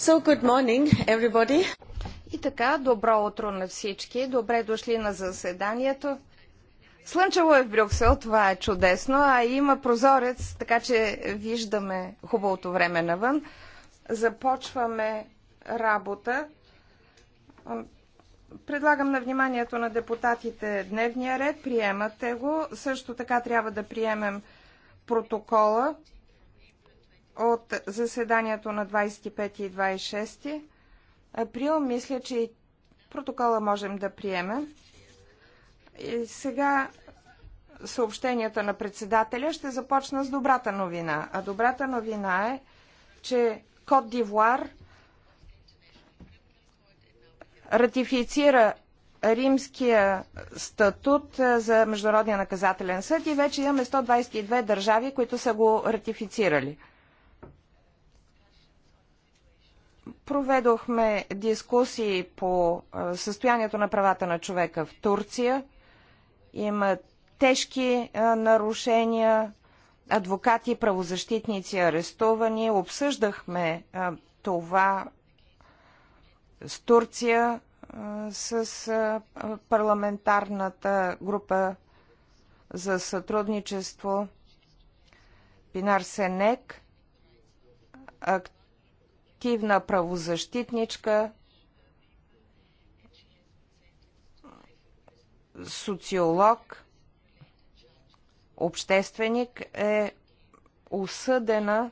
So, good morning, everybody. И така, добро утро на всички. Добре дошли на заседанието. Слънчево е в Брюксел, това е чудесно, а има прозорец, така че виждаме хубавото време навън. Започваме работа. Предлагам на вниманието на депутатите дневния ред, приемате го. Също така трябва да приемем протокола от заседанието на 25 и 26 април. Мисля, че и протокола можем да приемем. И сега съобщенията на председателя ще започна с добрата новина. А добрата новина е, че Кот Дивуар ратифицира римския статут за Международния наказателен съд и вече имаме 122 държави, които са го ратифицирали. Проведохме дискусии по състоянието на правата на човека в Турция. Има тежки нарушения, адвокати, правозащитници арестувани. Обсъждахме това с Турция, с парламентарната група за сътрудничество Пинар Сенек, активно активна правозащитничка, социолог, общественик е осъдена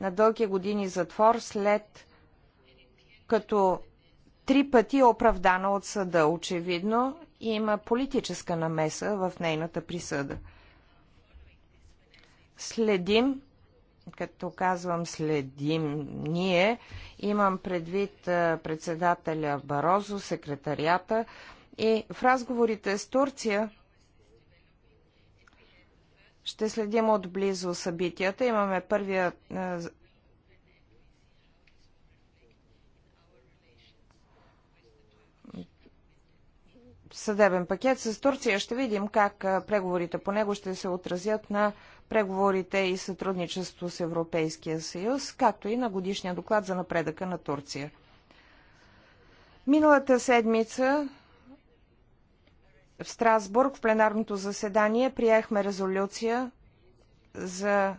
на дълги години затвор след като три пъти е оправдана от съда. Очевидно има политическа намеса в нейната присъда. Следим като казвам следим ние, имам предвид председателя Барозо, секретарията и в разговорите с Турция ще следим отблизо събитията. Имаме първия съдебен пакет с Турция. Ще видим как преговорите по него ще се отразят на преговорите и сътрудничество с Европейския съюз, както и на годишния доклад за напредъка на Турция. Миналата седмица в Страсбург в пленарното заседание приехме резолюция за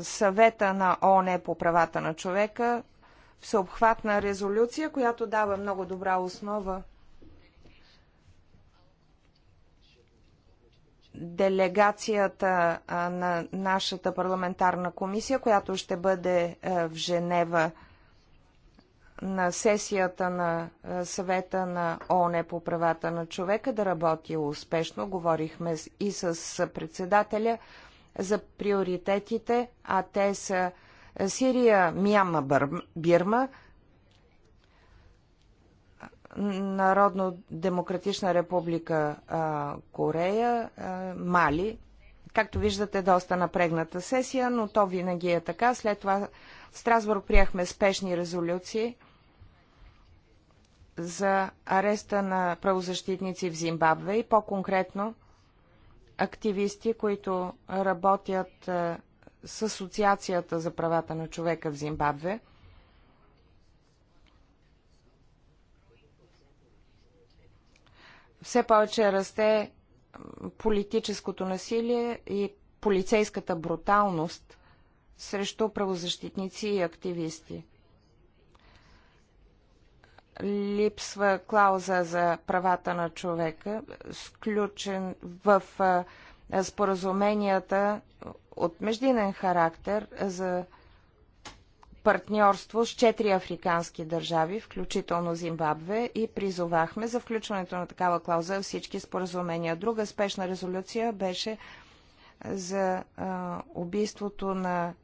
съвета на ООН по правата на човека, всеобхватна резолюция, която дава много добра основа делегацията на нашата парламентарна комисия, която ще бъде е, в Женева на сесията на е, съвета на ООН по правата на човека да работи успешно. Говорихме и с председателя за приоритетите, а те са е, Сирия, Мяма, Бирма – Народно-демократична република а, Корея, а, Мали. Както виждате, доста напрегната сесия, но то винаги е така. След това в Страсбург приехме спешни резолюции за ареста на правозащитници в Зимбабве и по-конкретно активисти, които работят а, с Асоциацията за правата на човека в Зимбабве – все повече расте политическото насилие и полицейската бруталност срещу правозащитници и активисти. Липсва клауза за правата на човека, сключен в споразуменията от междинен характер за партньорство с четири африкански държави, включително Зимбабве, и призовахме за включването на такава клауза всички споразумения. Друга спешна резолюция беше за а, убийството на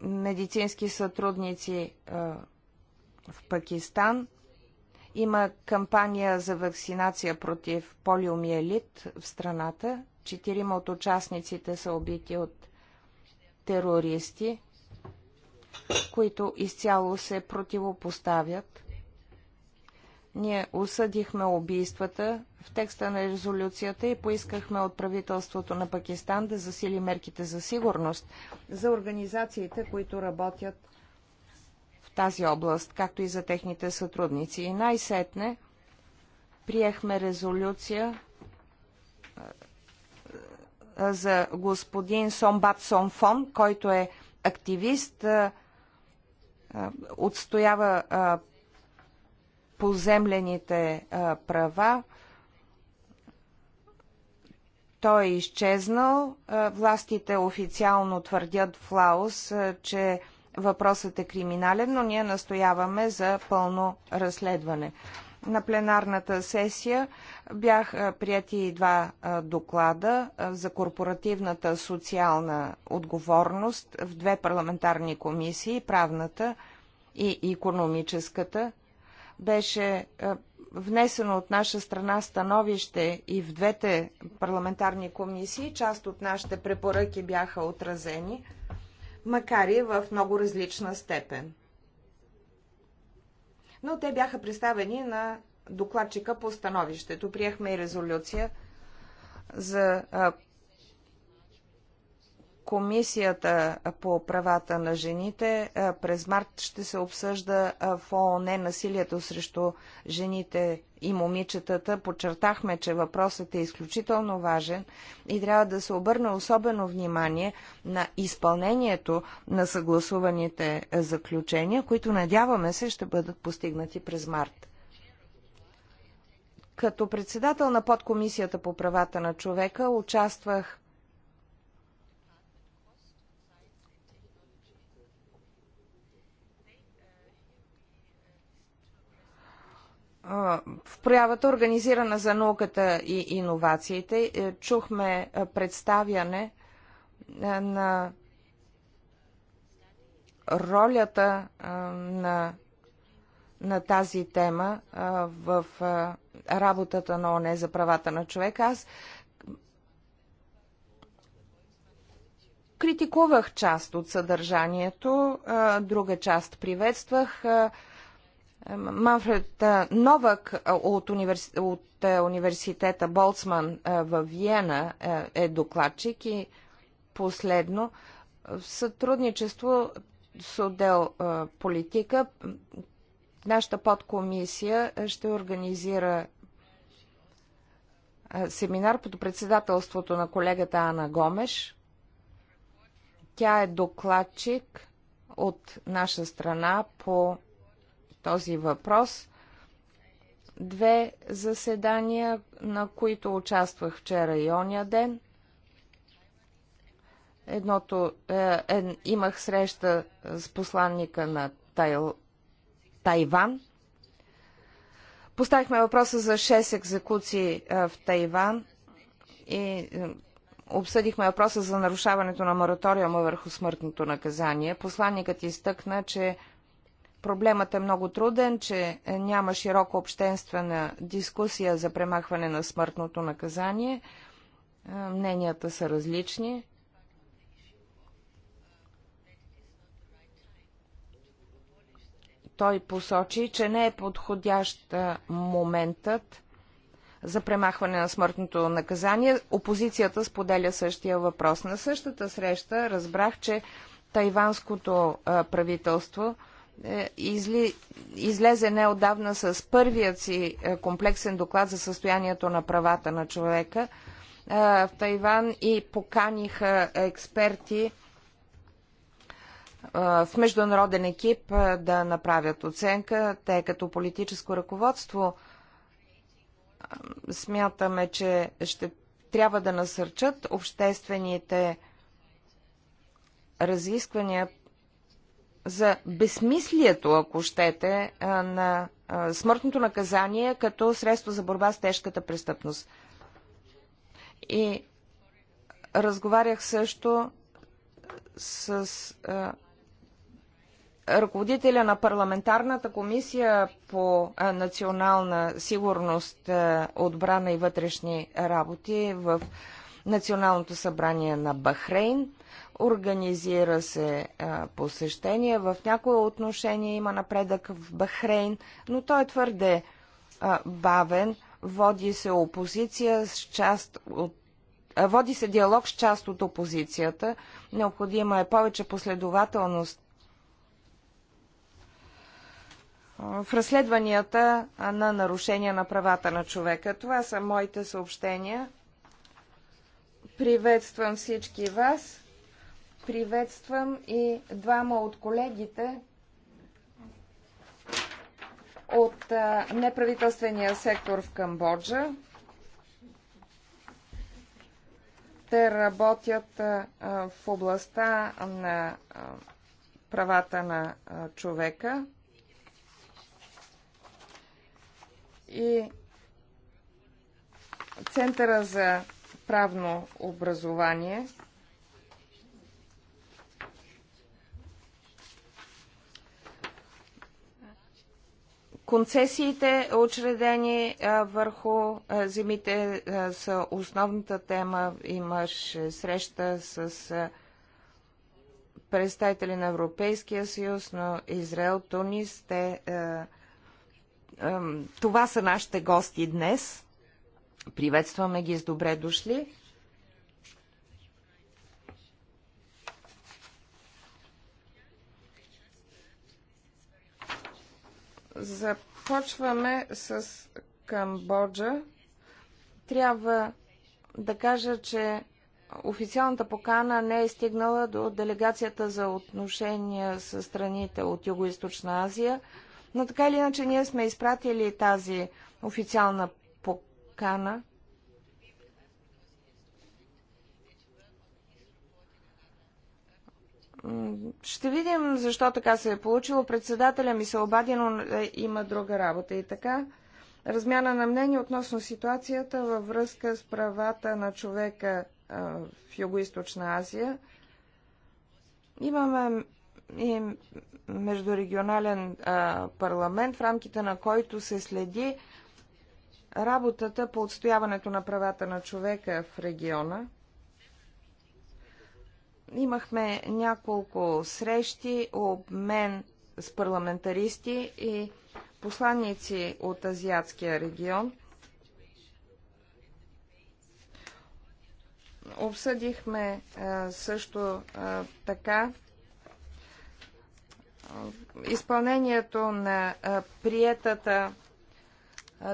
медицински сътрудници а, в Пакистан. Има кампания за вакцинация против полиомиелит в страната. Четирима от участниците са убити от терористи, които изцяло се противопоставят. Ние осъдихме убийствата в текста на резолюцията и поискахме от правителството на Пакистан да засили мерките за сигурност за организациите, които работят в тази област, както и за техните сътрудници. И най-сетне приехме резолюция за господин Сомбат Сомфон, който е активист, отстоява поземлените права. Той е изчезнал. Властите официално твърдят в Лаос, че въпросът е криминален, но ние настояваме за пълно разследване на пленарната сесия бяха прияти два доклада за корпоративната социална отговорност в две парламентарни комисии, правната и економическата. Беше внесено от наша страна становище и в двете парламентарни комисии. Част от нашите препоръки бяха отразени, макар и в много различна степен но те бяха представени на докладчика по становището. Приехме и резолюция за Комисията по правата на жените през март ще се обсъжда в ООН насилието срещу жените и момичетата. Подчертахме, че въпросът е изключително важен и трябва да се обърне особено внимание на изпълнението на съгласуваните заключения, които надяваме се ще бъдат постигнати през март. Като председател на подкомисията по правата на човека участвах в проявата организирана за науката и иновациите е, чухме е, представяне е, на ролята на, на тази тема в работата на ОНЕ за правата на човека. Аз критикувах част от съдържанието, друга част приветствах. Манфред Новак от, универс... от университета Болцман в Виена е докладчик и последно в сътрудничество с отдел политика нашата подкомисия ще организира семинар под председателството на колегата Ана Гомеш. Тя е докладчик от наша страна по този въпрос. Две заседания, на които участвах вчера и оня ден. Едното е, е, имах среща с посланника на Тайл, Тайван. Поставихме въпроса за 6 екзекуции е, в Тайван и е, обсъдихме въпроса за нарушаването на мораториума върху смъртното наказание. Посланникът изтъкна, че проблемът е много труден, че е, няма широко обществена дискусия за премахване на смъртното наказание. Е, мненията са различни. Той посочи, че не е подходящ е, моментът за премахване на смъртното наказание. Опозицията споделя същия въпрос. На същата среща разбрах, че тайванското правителство е, изли, излезе неодавна с първият си е, комплексен доклад за състоянието на правата на човека е, в Тайван и поканиха експерти в международен екип да направят оценка. Те като политическо ръководство смятаме, че ще трябва да насърчат обществените разисквания за безсмислието, ако щете, на смъртното наказание като средство за борба с тежката престъпност. И разговарях също с а, ръководителя на парламентарната комисия по а, национална сигурност, а, отбрана и вътрешни работи в Националното събрание на Бахрейн. Организира се посещение. В някои отношения има напредък в Бахрейн, но той е твърде бавен. Води се опозиция с част от Води се диалог с част от опозицията. Необходима е повече последователност в разследванията на нарушения на правата на човека. Това са моите съобщения. Приветствам всички вас. Приветствам и двама от колегите от неправителствения сектор в Камбоджа. Те работят в областта на правата на човека и Центъра за правно образование – Концесиите, учредени върху земите, са основната тема. Имаш среща с представители на Европейския съюз, но Израел, Тунис, те, това са нашите гости днес. Приветстваме ги с добре дошли. Започваме с Камбоджа. Трябва да кажа, че официалната покана не е стигнала до делегацията за отношения с страните от Юго-Источна Азия, но така или иначе ние сме изпратили тази официална покана Ще видим защо така се е получило. Председателя ми се обади, но е, има друга работа. И така, размяна на мнение относно ситуацията във връзка с правата на човека в Юго-Источна Азия. Имаме и междурегионален парламент, в рамките на който се следи работата по отстояването на правата на човека в региона. Имахме няколко срещи, обмен с парламентаристи и посланници от Азиатския регион. Обсъдихме също така изпълнението на приетата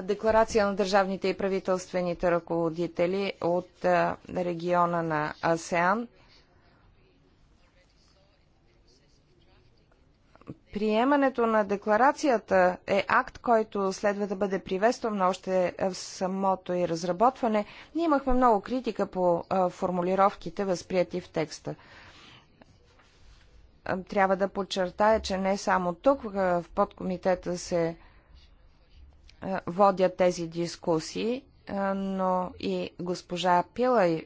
декларация на държавните и правителствените ръководители от региона на АСЕАН. Приемането на декларацията е акт, който следва да бъде приветстван още в самото и разработване. Ние имахме много критика по формулировките, възприяти в текста. Трябва да подчертая, че не само тук в подкомитета се водят тези дискусии, но и госпожа Пила,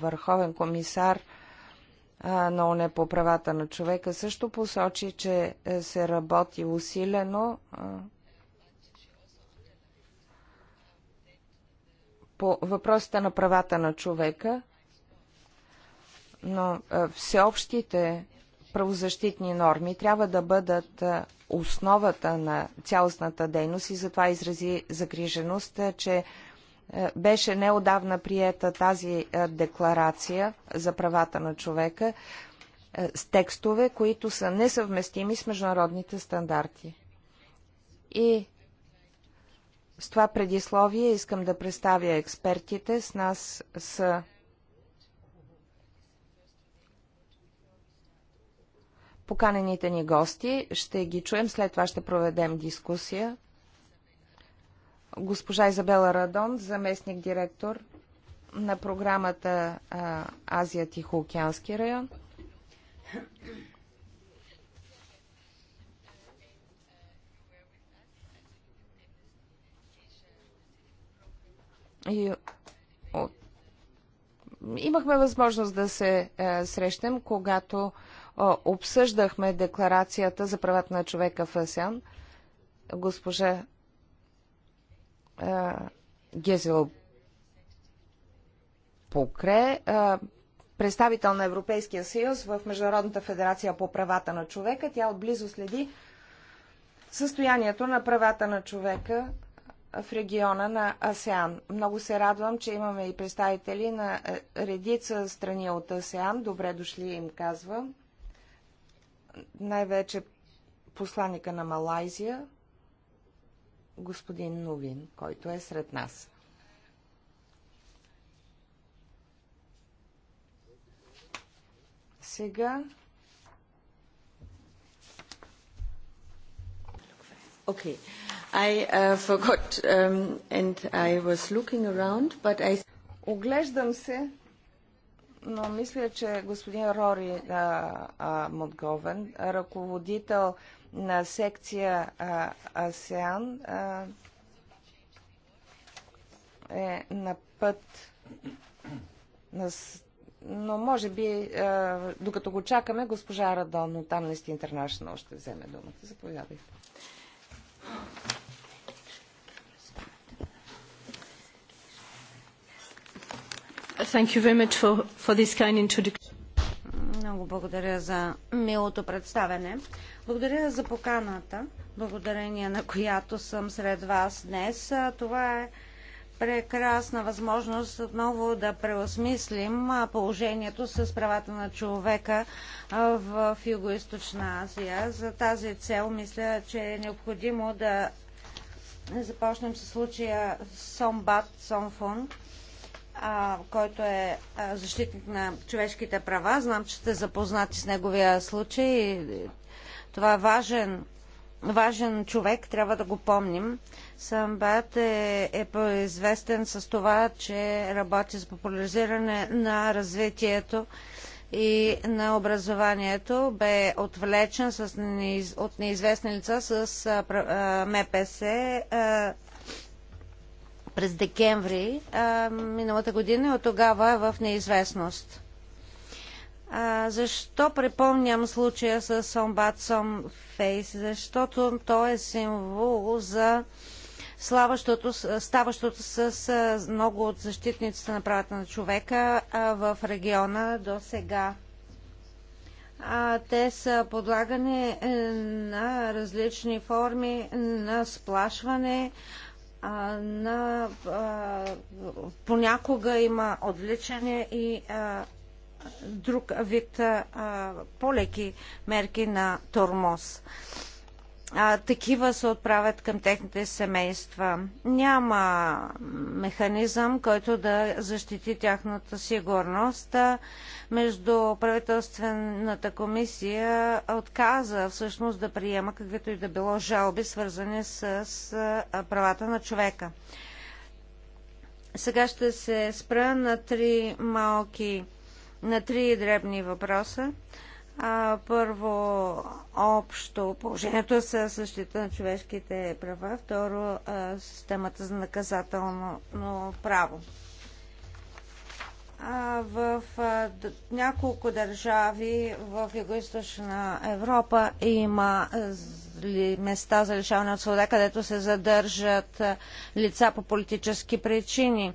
върховен комисар – на ОНЕ по правата на човека също посочи, че е, се работи усилено по въпросите на правата на човека, но всеобщите правозащитни норми трябва да бъдат основата на цялостната дейност и затова изрази загриженост, е, че е, беше неодавна приета тази е, декларация за правата на човека е, с текстове, които са несъвместими с международните стандарти. И с това предисловие искам да представя експертите. С нас с поканените ни гости. Ще ги чуем, след това ще проведем дискусия госпожа Изабела Радон, заместник директор на програмата Азия-Тихоокеански район. И от... имахме възможност да се е, срещнем, когато е, обсъждахме декларацията за правата на човека в АСЕАН. Госпожа Гезел Покре, представител на Европейския съюз в Международната федерация по правата на човека. Тя отблизо следи състоянието на правата на човека в региона на АСЕАН. Много се радвам, че имаме и представители на редица страни от АСЕАН. Добре дошли, им казвам. Най-вече посланика на Малайзия, господин Новин, който е сред нас. Сега Okay. I uh, forgot um, and I was looking around, but I... Оглеждам се, но мисля, че господин Рори а, uh, а, uh, Мотговен, ръководител на секция АСЕАН е на път на но може би, докато го чакаме, госпожа Радон от Amnesty International ще вземе думата. Заповядайте. Thank you very much for, for this kind introduction. Много благодаря за милото представене. Благодаря за поканата, благодарение на която съм сред вас днес. Това е прекрасна възможност отново да преосмислим положението с правата на човека в Юго-Источна Азия. За тази цел мисля, че е необходимо да започнем с случая Сомбат Сомфон който е защитник на човешките права. Знам, че сте запознати с неговия случай. Това е важен, важен човек, трябва да го помним. Самбат е, е известен с това, че работи за популяризиране на развитието и на образованието. Бе отвлечен с, от неизвестни лица с МПС през декември а, миналата година и от тогава е в неизвестност. А, защо припомням случая с Омбат Сом Фейс? Защото той е символ за славащото, ставащото с много от защитниците на правата на човека в региона до сега. Те са подлагани е, на различни форми на сплашване, на, понякога има отвлечение и друг вид по-леки мерки на тормоз а, такива се отправят към техните семейства. Няма механизъм, който да защити тяхната сигурност. Между правителствената комисия отказа всъщност да приема каквито и да било жалби, свързани с, с правата на човека. Сега ще се спра на три малки, на три дребни въпроса. А, първо, общо положението е с защита на човешките права. Второ, а, системата за наказателно право. А, в няколко държави в Юго-Источна Европа има места за лишаване от свобода, където се задържат лица по политически причини. А,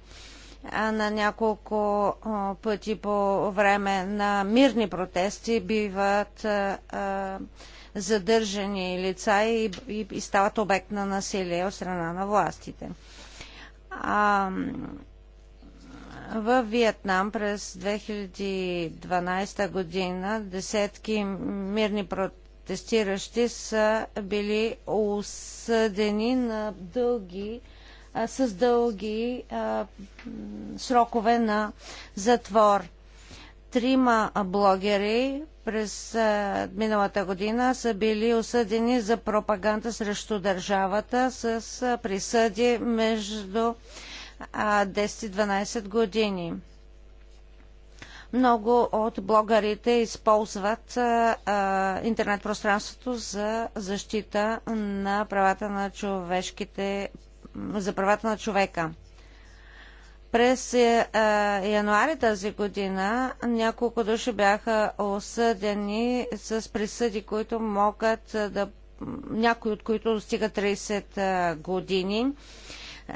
на няколко пъти по време на мирни протести биват задържани лица и, стават обект на насилие от страна на властите. в Виетнам през 2012 година десетки мирни протестиращи са били осъдени на дълги с дълги срокове на затвор. Трима блогери през миналата година са били осъдени за пропаганда срещу държавата с присъди между 10-12 години. Много от блогарите използват интернет пространството за защита на правата на човешките за правата на човека. През е, е, януари тази година няколко души бяха осъдени с присъди, които могат е, да. някои от които достигат 30 е, години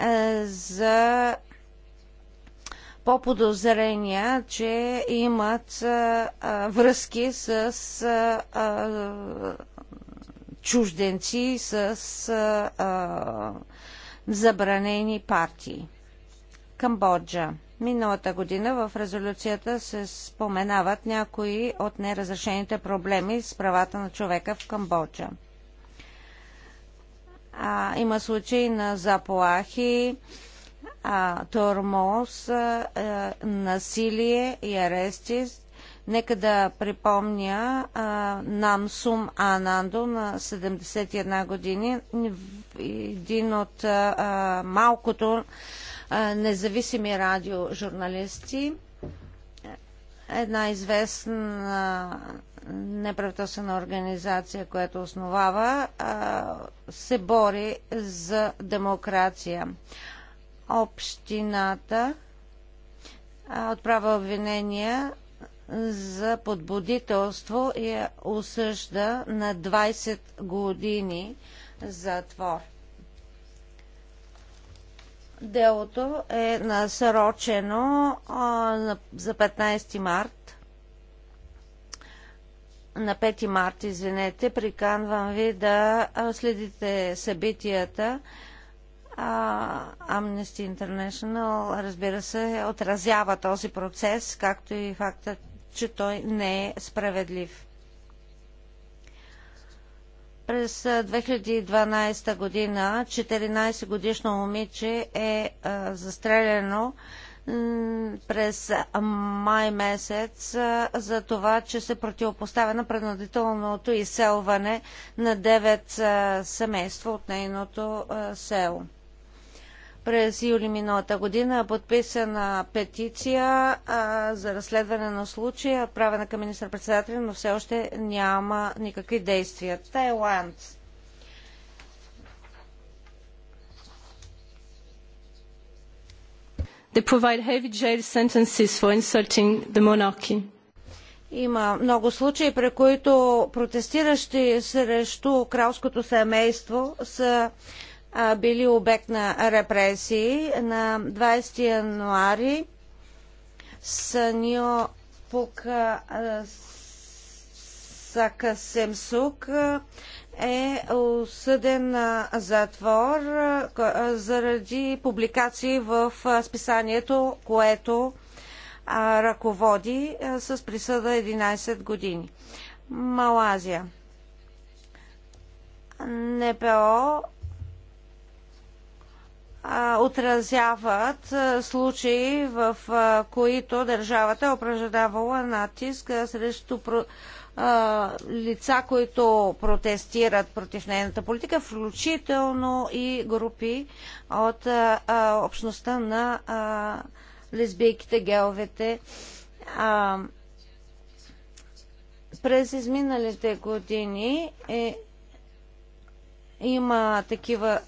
е, за по подозрения, че имат връзки с чужденци, с забранени партии. Камбоджа. Миналата година в резолюцията се споменават някои от неразрешените проблеми с правата на човека в Камбоджа. А, има случаи на заплахи, а, тормоз, а, насилие и арести Нека да припомня Намсум Анандо на 71 години, един от а, малкото а, независими радиожурналисти, една известна неправителствена организация, която основава, се бори за демокрация. Общината отправя обвинения за подбудителство и осъжда на 20 години затвор. Делото е насрочено а, за 15 март. На 5 март, извинете, приканвам ви да следите събитията. А, Amnesty International, разбира се, отразява този процес, както и фактът, че той не е справедлив. През 2012 година 14-годишно момиче е а, застрелено през май месец а, за това, че се противопоставя на принудителното изселване на 9 а, семейства от нейното село. През юли миналата година е подписана петиция а, за разследване на случая, правена към министър-председателя, но все още няма никакви действия. Тайланд. They provide heavy jail sentences for insulting the monarchy. Има много случаи, при които протестиращи срещу кралското семейство са били обект на репресии. На 20 януари Санио Пука Сакасемсук е осъден на затвор заради публикации в списанието, което ръководи с присъда 11 години. Малазия. НПО отразяват случаи, в които държавата е упражнявала натиск срещу лица, които протестират против нейната политика, включително и групи от общността на лесбийките, геовете. През изминалите години е има такива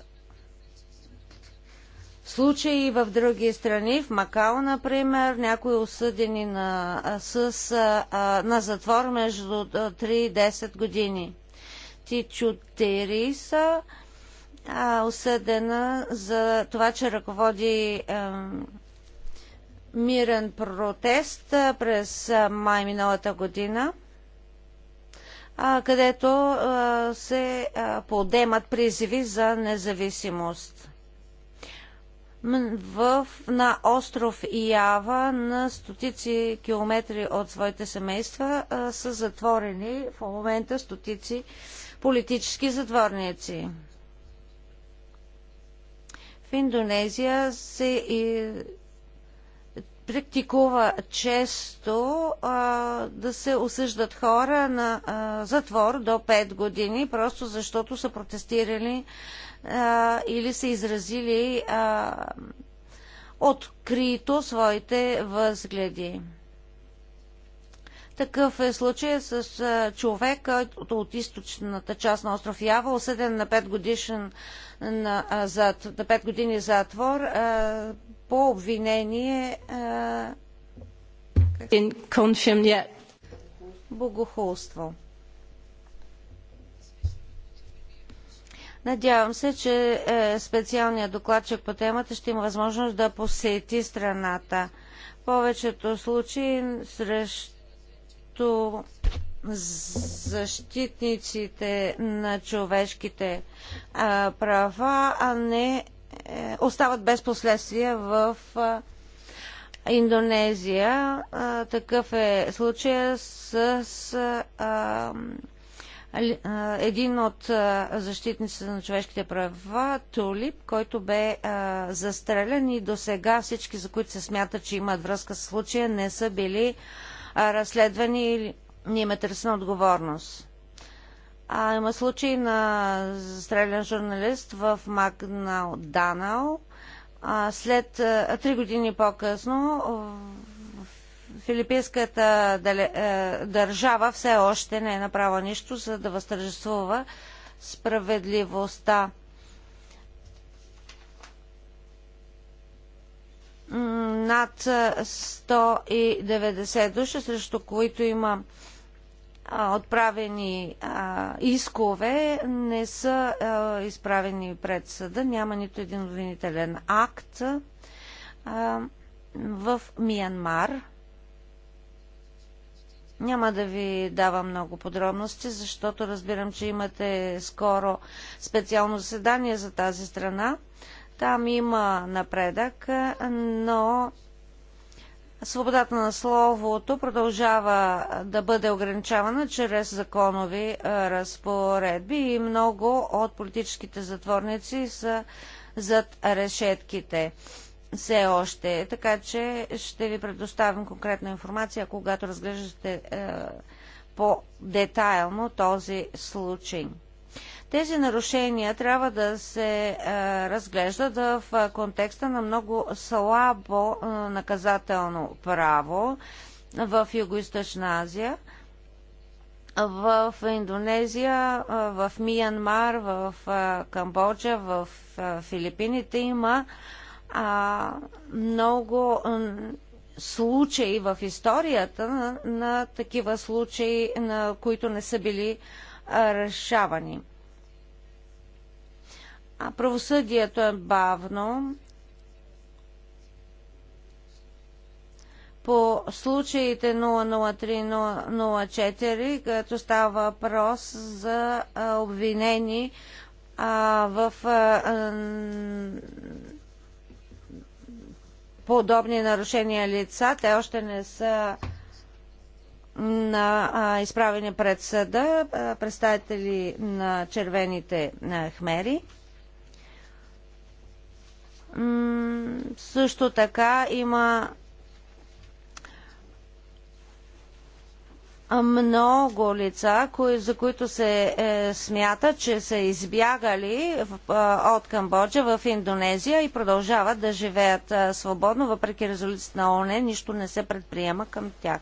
случаи в други страни, в Макао, например, някои осъдени на, с, а, на затвор между 3 и 10 години. Тичо Териса а, осъдена за това, че ръководи а, мирен протест през май миналата година където се подемат призиви за независимост в, на остров Ява на стотици километри от своите семейства а, са затворени в момента стотици политически затворници. В Индонезия се и практикува често а, да се осъждат хора на а, затвор до 5 години, просто защото са протестирали а, или са изразили а, открито своите възгледи. Такъв е случай с а, човек, от, от източната част на остров Ява, осъден на 5 годишен на, а, зад, на 5 години затвор а, по обвинение а, как... In, confirm, yeah. богохулство. Надявам се, че е, специалният докладчик по темата ще има възможност да посети страната. повечето случаи срещу защитниците на човешките е, права а не е, остават без последствия в Индонезия. Такъв е случая с един от защитниците на човешките права, Тулип, който бе застрелен и до сега всички, за които се смята, че имат връзка с случая, не са били разследвани или не има търсена отговорност. А, има случай на застрелян журналист в Магнал Данал. А, след три години по-късно Филипинската е, държава все още не е направила нищо, за да възтържествува справедливостта. Над 190 души, срещу които има отправени искове не са изправени пред съда. Няма нито един обвинителен акт в Миянмар. Няма да ви давам много подробности, защото разбирам, че имате скоро специално заседание за тази страна. Там има напредък, но свободата на словото продължава да бъде ограничавана чрез законови е, разпоредби и много от политическите затворници са зад решетките все още. Така че ще ви предоставим конкретна информация, когато разглеждате е, по-детайлно този случай. Тези нарушения трябва да се е, разглеждат в контекста на много слабо е, наказателно право в Юго-Источна Азия, в Индонезия, е, в Миянмар, в е, Камбоджа, в е, Филипините има а, много случаи в историята на, на такива случаи, на които не са били а, решавани. А правосъдието е бавно. По случаите 003-004, като става въпрос за обвинени а, в а, подобни нарушения лица. Те още не са на, изправени пред съда представители на червените хмери. също така има много лица, кои, за които се е, смята, че са избягали в, е, от Камбоджа в Индонезия и продължават да живеят е, свободно, въпреки резолюцията на ОНЕ, нищо не се предприема към тях.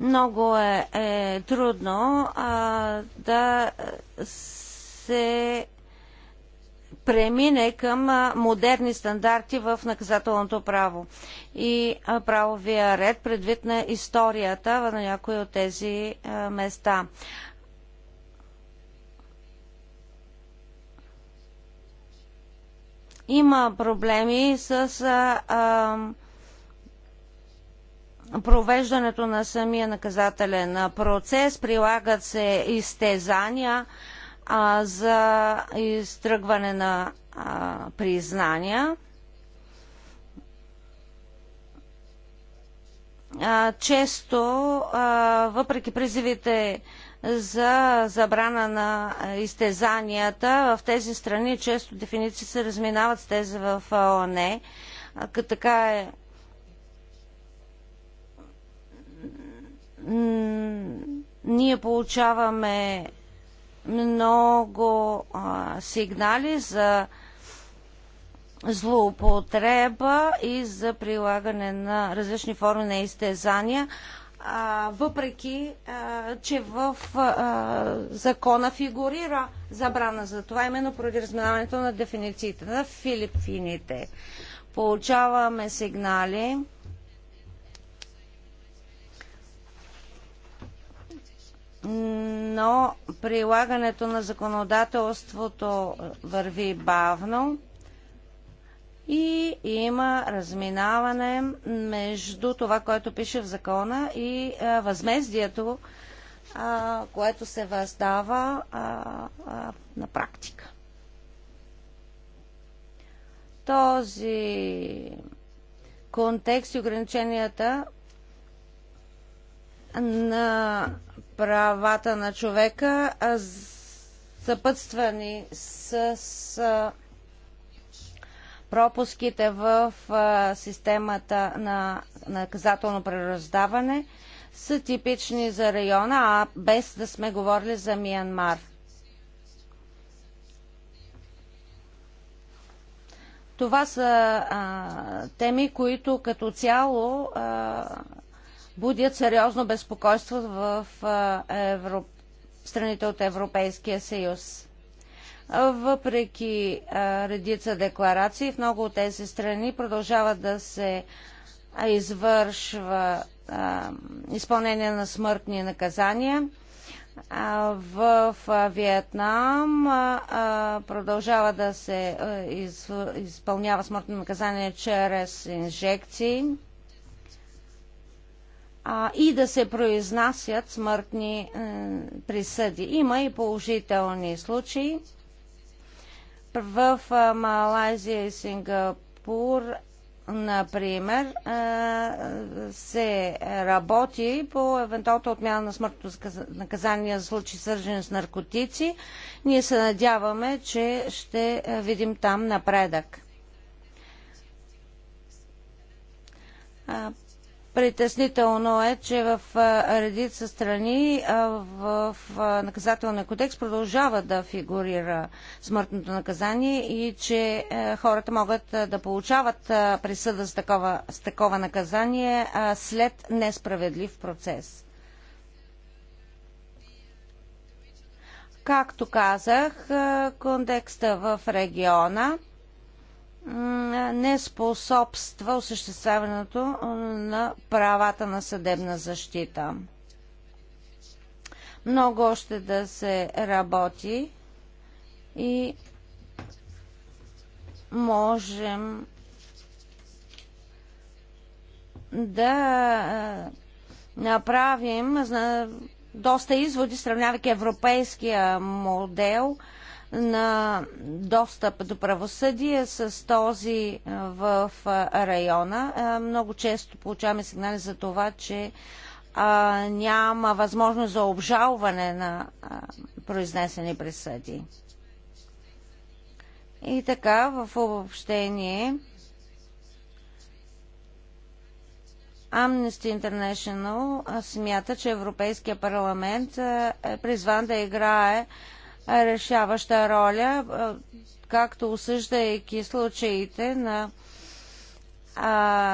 Много е, е трудно а, да се премине към модерни стандарти в наказателното право и правовия ред, предвид на историята на някои от тези места. Има проблеми с а, а, провеждането на самия наказателен процес, прилагат се изтезания, а, а, за изтръгване на а, признания. А, често, а, въпреки призивите за забрана на изтезанията, в тези страни често дефиниции се разминават с тези в ООН. Така е ние получаваме много а, сигнали за злоупотреба и за прилагане на различни форми на изтезания, а, въпреки, а, че в а, закона фигурира забрана за това, именно поради разминаването на дефинициите на филиппините, Получаваме сигнали но прилагането на законодателството върви бавно и има разминаване между това, което пише в закона и възмездието, което се въздава на практика. Този контекст и ограниченията на правата на човека, съпътствани с пропуските в системата на наказателно прераздаване, са типични за района, а без да сме говорили за Миянмар. Това са а, теми, които като цяло а, будят сериозно безпокойство в страните от Европейския съюз. Въпреки редица декларации, в много от тези страни продължават да се извършва изпълнение на смъртни наказания. в Виетнам продължава да се изпълнява смъртно наказание чрез инжекции а, и да се произнасят смъртни е, присъди. Има и положителни случаи. В а, е, Малайзия и Сингапур, например, е, се работи по евентуалната отмяна на смъртното наказание за случаи свързани с наркотици. Ние се надяваме, че ще е, видим там напредък Притеснително е, че в редица страни в наказателния кодекс продължава да фигурира смъртното наказание и че хората могат да получават присъда с такова, с такова наказание след несправедлив процес. Както казах, контекста в региона – не способства осъществяването на правата на съдебна защита. Много още да се работи и можем да направим доста изводи, сравнявайки европейския модел – на достъп до правосъдие с този е, в е, района. Е, много често получаваме сигнали за това, че няма възможност за обжалване на произнесени присъди. И така, в обобщение, Amnesty International смята, че Европейския парламент е призван да играе решаваща роля, както осъждайки случаите на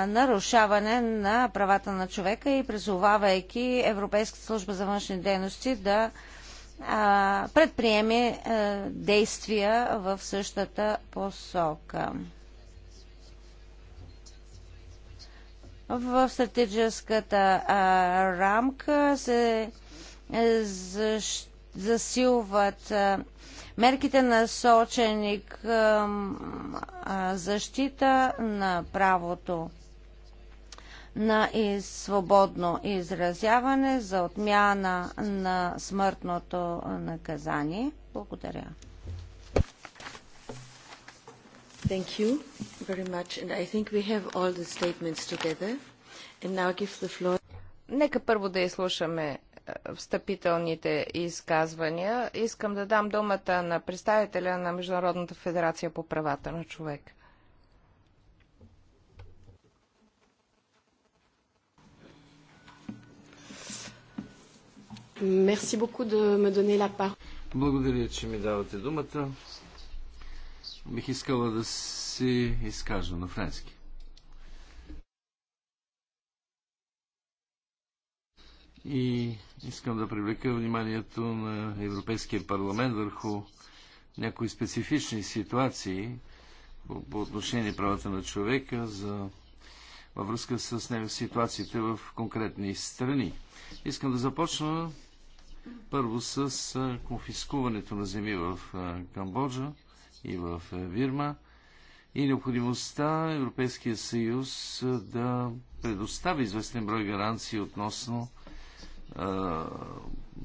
нарушаване на правата на човека и призовавайки Европейската служба за външни дейности да предприеме действия в същата посока. В стратегическата рамка се защита засилват мерките насочени към защита на правото на и свободно изразяване за отмяна на смъртното наказание. Благодаря. Thank you very much. And I think we have all the statements together. And now give the floor. Нека първо да изслушаме встъпителните изказвания. Искам да дам думата на представителя на Международната федерация по правата на човек. Merci beaucoup de me donner la part. Благодаря, че ми давате думата. Бих искала да се изкажа на френски. и искам да привлека вниманието на Европейския парламент върху някои специфични ситуации по, по отношение правата на човека за, във връзка с него ситуациите в конкретни страни. Искам да започна първо с конфискуването на земи в Камбоджа и в Вирма и необходимостта Европейския съюз да предостави известен брой гаранции относно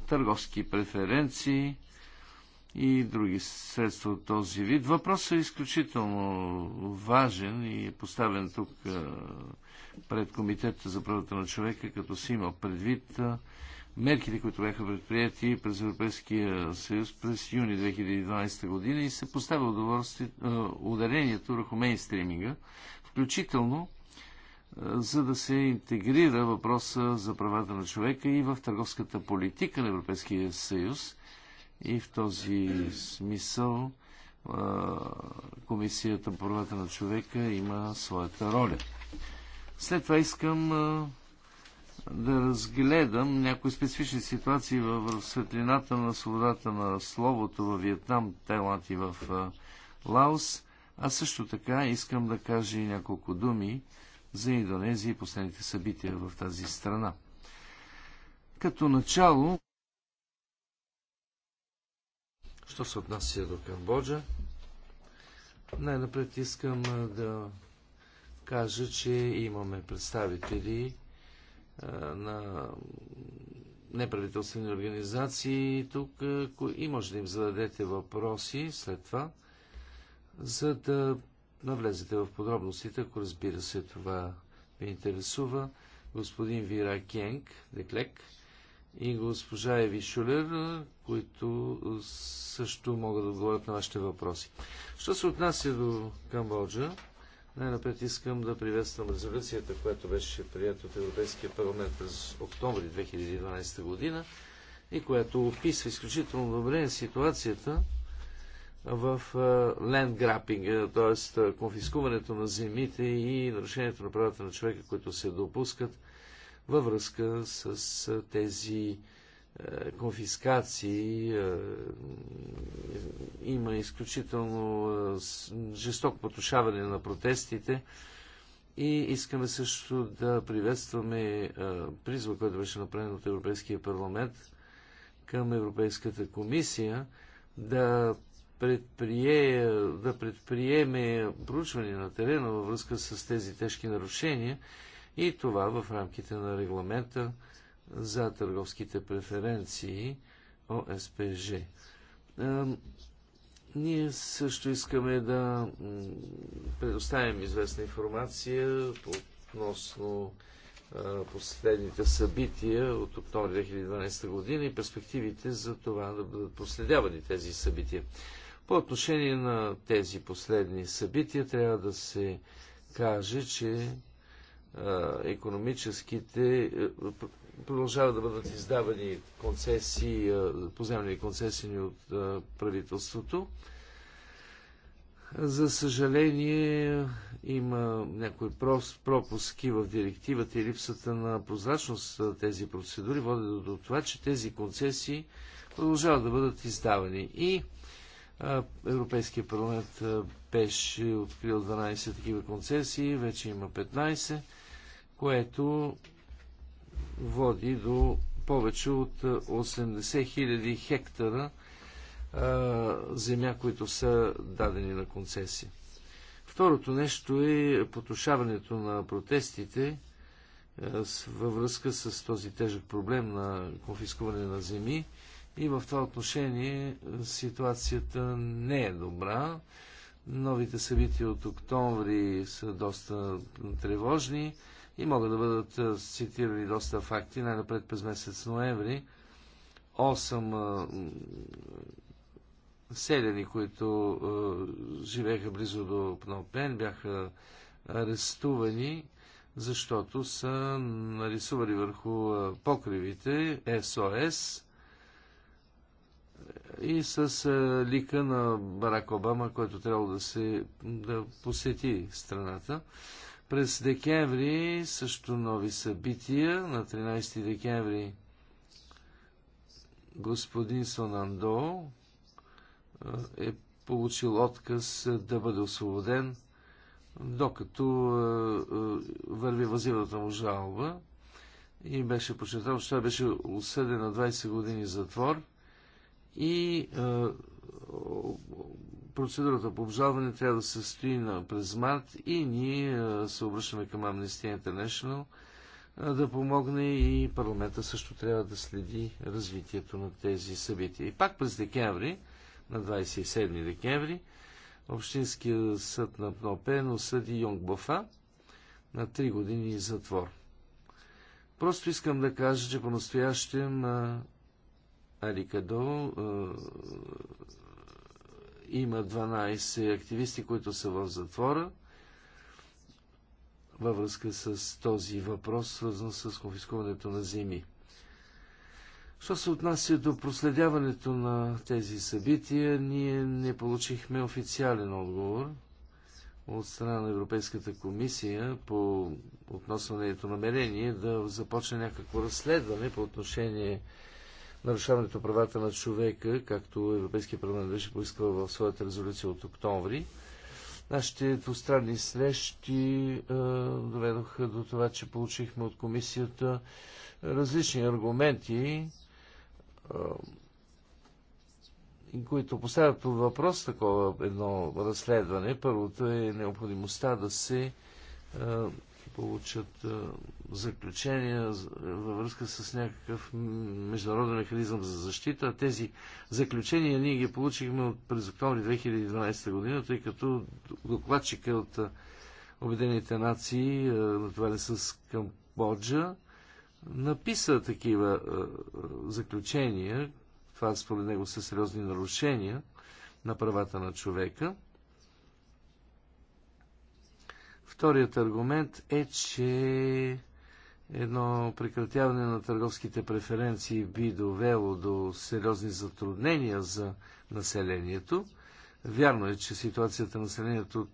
търговски преференции и други средства от този вид. Въпросът е изключително важен и е поставен тук пред Комитета за правата на човека, като си има предвид мерките, които бяха предприяти през Европейския съюз през юни 2012 година и се поставя ударението върху мейнстриминга, включително за да се интегрира въпроса за правата на човека и в търговската политика на Европейския съюз. И в този смисъл Комисията по правата на човека има своята роля. След това искам да разгледам някои специфични ситуации в светлината на свободата на словото във Виетнам, Тайланд и в Лаос. А също така искам да кажа и няколко думи за Индонезия и последните събития в тази страна. Като начало, що се отнася до Камбоджа, най-напред искам да кажа, че имаме представители на неправителствени организации тук и може да им зададете въпроси след това, за да навлезете в подробностите, ако разбира се това ви интересува. Господин Вира Кенг, Деклек и госпожа Еви Шулер, които също могат да отговорят на вашите въпроси. Що се отнася до Камбоджа, най-напред искам да приветствам резолюцията, която беше прията от Европейския парламент през октомври 2012 година и която описва изключително добре ситуацията в лендграпинга, е, т.е. конфискуването на земите и нарушението на правата на човека, които се допускат във връзка с е, тези е, конфискации. Има изключително жестоко потушаване на протестите и искаме също да приветстваме призва, който беше направен от Европейския парламент към Европейската комисия да предприе, да предприеме проучване на терена във връзка с тези тежки нарушения и това в рамките на регламента за търговските преференции ОСПЖ. Ние също искаме да предоставим известна информация относно последните събития от октомври 2012 година и перспективите за това да бъдат последявани тези събития. По отношение на тези последни събития трябва да се каже, че економическите е, продължават да бъдат издавани концесии, поземлени концесии от правителството. За съжаление, има някои пропуски в директивата и липсата на прозрачност на тези процедури води до това, че тези концесии продължават да бъдат издавани. И Европейския парламент беше открил 12 такива концесии, вече има 15, което води до повече от 80 000 хектара земя, които са дадени на концесия. Второто нещо е потушаването на протестите във връзка с този тежък проблем на конфискуване на земи. И в това отношение е, ситуацията не е добра. Новите събития от октомври са доста тревожни и могат да бъдат е, цитирани доста факти. Най-напред през месец ноември 8 е, селени, които живееха близо до Пнопен, бяха арестувани, защото са нарисували върху покривите СОС и с е, лика на Барак Обама, който трябва да, се, да посети страната. През декември също нови събития. На 13 декември господин Сонандо е, е получил отказ е, да бъде освободен, докато върви възивната му жалба и беше почетал, че той беше осъден на 20 години затвор – и е, процедурата по обжалване трябва да се състои на през март и ние е, се обръщаме към Amnesty International е, да помогне и парламента също трябва да следи развитието на тези събития. И пак през декември, на 27 декември, Общинския съд на Пнопен осъди Йонг Бофа на 3 години затвор. Просто искам да кажа, че по-настоящем Аликадо има 12 активисти, които са в затвора във връзка с този въпрос, свързан с конфискуването на земи. Що се отнася до проследяването на тези събития, ние не получихме официален отговор от страна на Европейската комисия по относно на намерение да започне някакво разследване по отношение нарушаването правата на човека, както Европейския парламент беше поискал в своята резолюция от октомври. Нашите двустранни срещи е, доведоха до това, че получихме от комисията различни аргументи, е, които поставят под въпрос такова едно разследване. Първото е необходимостта да се е, получат заключения във връзка с някакъв международен механизъм за защита. Тези заключения ние ги получихме от през октомври 2012 година, тъй като докладчика от Обединените нации, натоварен с Камбоджа, написа такива заключения. Това според него са сериозни нарушения на правата на човека – Вторият аргумент е, че едно прекратяване на търговските преференции би довело до сериозни затруднения за населението. Вярно е, че ситуацията на населението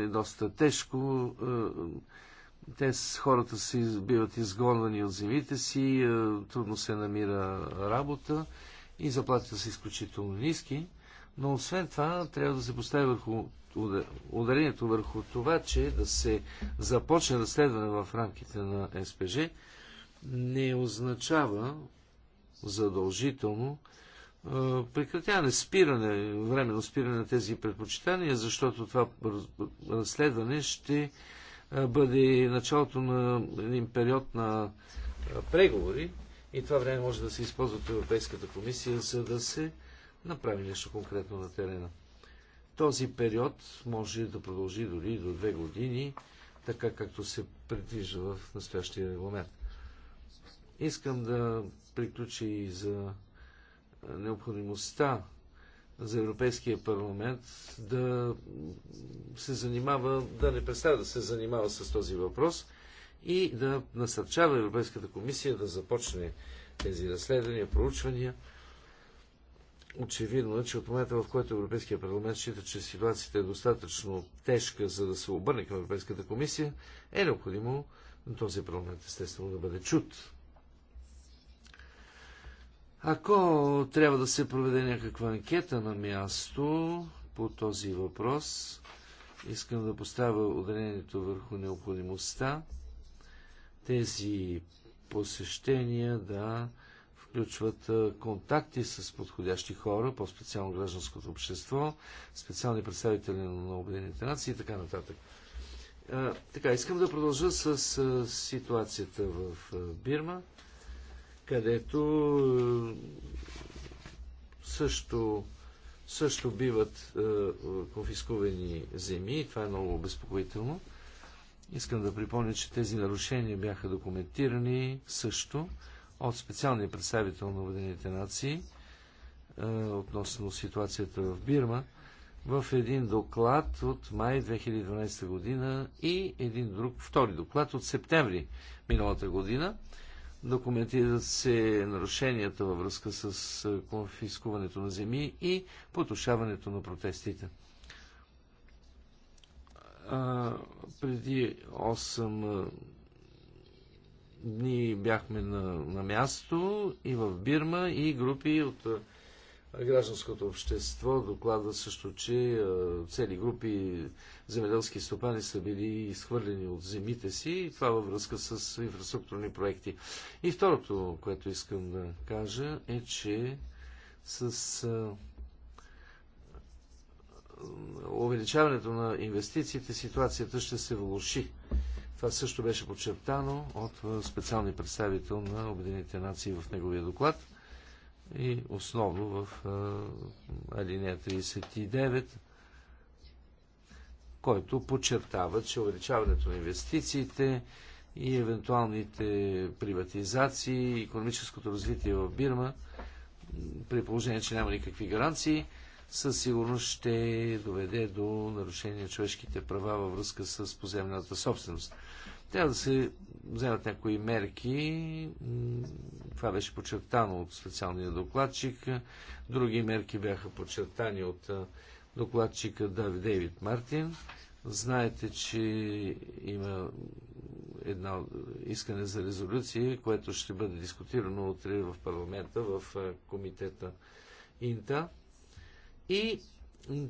е доста тежко. Е, те, хората се биват изгонвани от земите си, е, трудно се намира работа и заплатите са изключително ниски. Но освен това, трябва да се постави върху ударението върху това, че да се започне разследване в рамките на СПЖ, не означава задължително прекратяване, спиране, временно спиране на тези предпочитания, защото това разследване ще бъде началото на един период на преговори и това време може да се използва от Европейската комисия, за да се направи нещо конкретно на терена. Този период може да продължи дори до две години, така както се предвижда в настоящия регламент. Искам да приключи и за необходимостта за Европейския парламент да се занимава, да не представя да се занимава с този въпрос и да насърчава Европейската комисия да започне тези разследвания, проучвания Очевидно е, че от момента, в който Европейския парламент счита, че ситуацията е достатъчно тежка, за да се обърне към Европейската комисия, е необходимо този парламент естествено да бъде чут. Ако трябва да се проведе някаква анкета на място по този въпрос, искам да поставя ударението върху необходимостта тези посещения да включват контакти с подходящи хора, по-специално гражданското общество, специални представители на Обединените нации и така нататък. така, искам да продължа с ситуацията в Бирма, където също, също биват конфискувани земи. Това е много обезпокоително. Искам да припомня, че тези нарушения бяха документирани също от специалния представител на Обединените нации е, относно ситуацията в Бирма в един доклад от май 2012 година и един друг, втори доклад от септември миналата година. Документират се нарушенията във връзка с е, конфискуването на земи и потушаването на протестите. А, е, преди 8 ние бяхме на, на място и в Бирма и групи от гражданското общество докладва също, че цели групи земеделски стопани са били изхвърлени от земите си и това във връзка с инфраструктурни проекти. И второто, което искам да кажа е, че с увеличаването на инвестициите ситуацията ще се влуши. Това също беше подчертано от специалния представител на Обединените нации в неговия доклад и основно в алинея 39, който подчертава, че увеличаването на инвестициите и евентуалните приватизации, економическото развитие в Бирма, при положение, че няма никакви гаранции, със сигурност ще доведе до нарушение на човешките права във връзка с поземната собственост. Трябва да се вземат някои мерки. Това беше подчертано от специалния докладчик. Други мерки бяха подчертани от докладчика Дейвид Мартин. Знаете, че има една искане за резолюция, което ще бъде дискутирано утре в парламента, в комитета Инта. И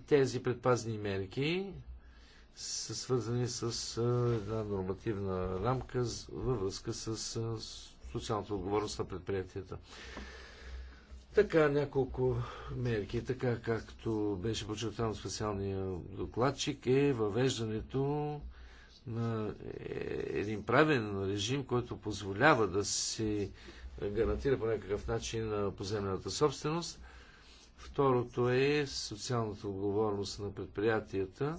тези предпазни мерки са свързани с една нормативна рамка във връзка с социалната отговорност на предприятията. Така, няколко мерки, така както беше подчертано специалния докладчик, е въвеждането на един правен режим, който позволява да се гарантира по някакъв начин поземлената собственост – Второто е социалната отговорност на предприятията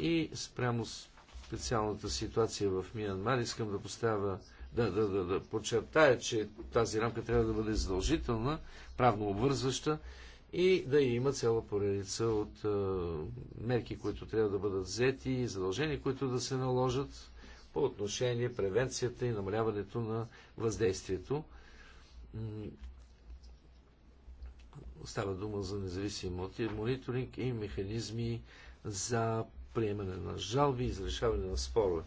и спрямо специалната ситуация в Миянмар искам да поставя да, да, да, да подчертая, че тази рамка трябва да бъде задължителна, правно обвързваща и да има цяла поредица от е, мерки, които трябва да бъдат взети и задължения, които да се наложат по отношение превенцията и намаляването на въздействието Остава дума за независим мониторинг и механизми за приемане на жалби и изрешаване на спорове.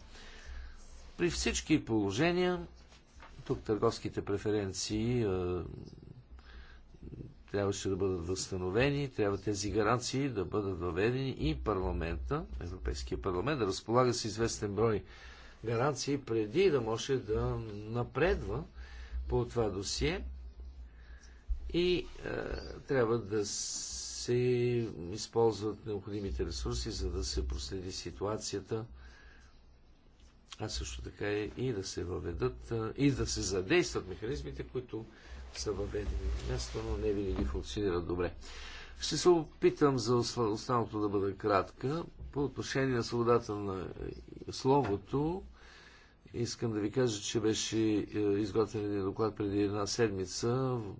При всички положения, тук търговските преференции е, трябваше да бъдат възстановени, трябва тези гаранции да бъдат въведени и парламента, Европейския парламент, да разполага с известен брой гаранции преди да може да напредва по това досие и а, е, трябва да се използват необходимите ресурси, за да се проследи ситуацията, а също така е и да се въведат е, и да се задействат механизмите, които са въведени на място, но не винаги функционират добре. Ще се опитам за останалото да бъда кратка. По отношение на свободата на словото, Искам да ви кажа, че беше е, изготвен един доклад преди една седмица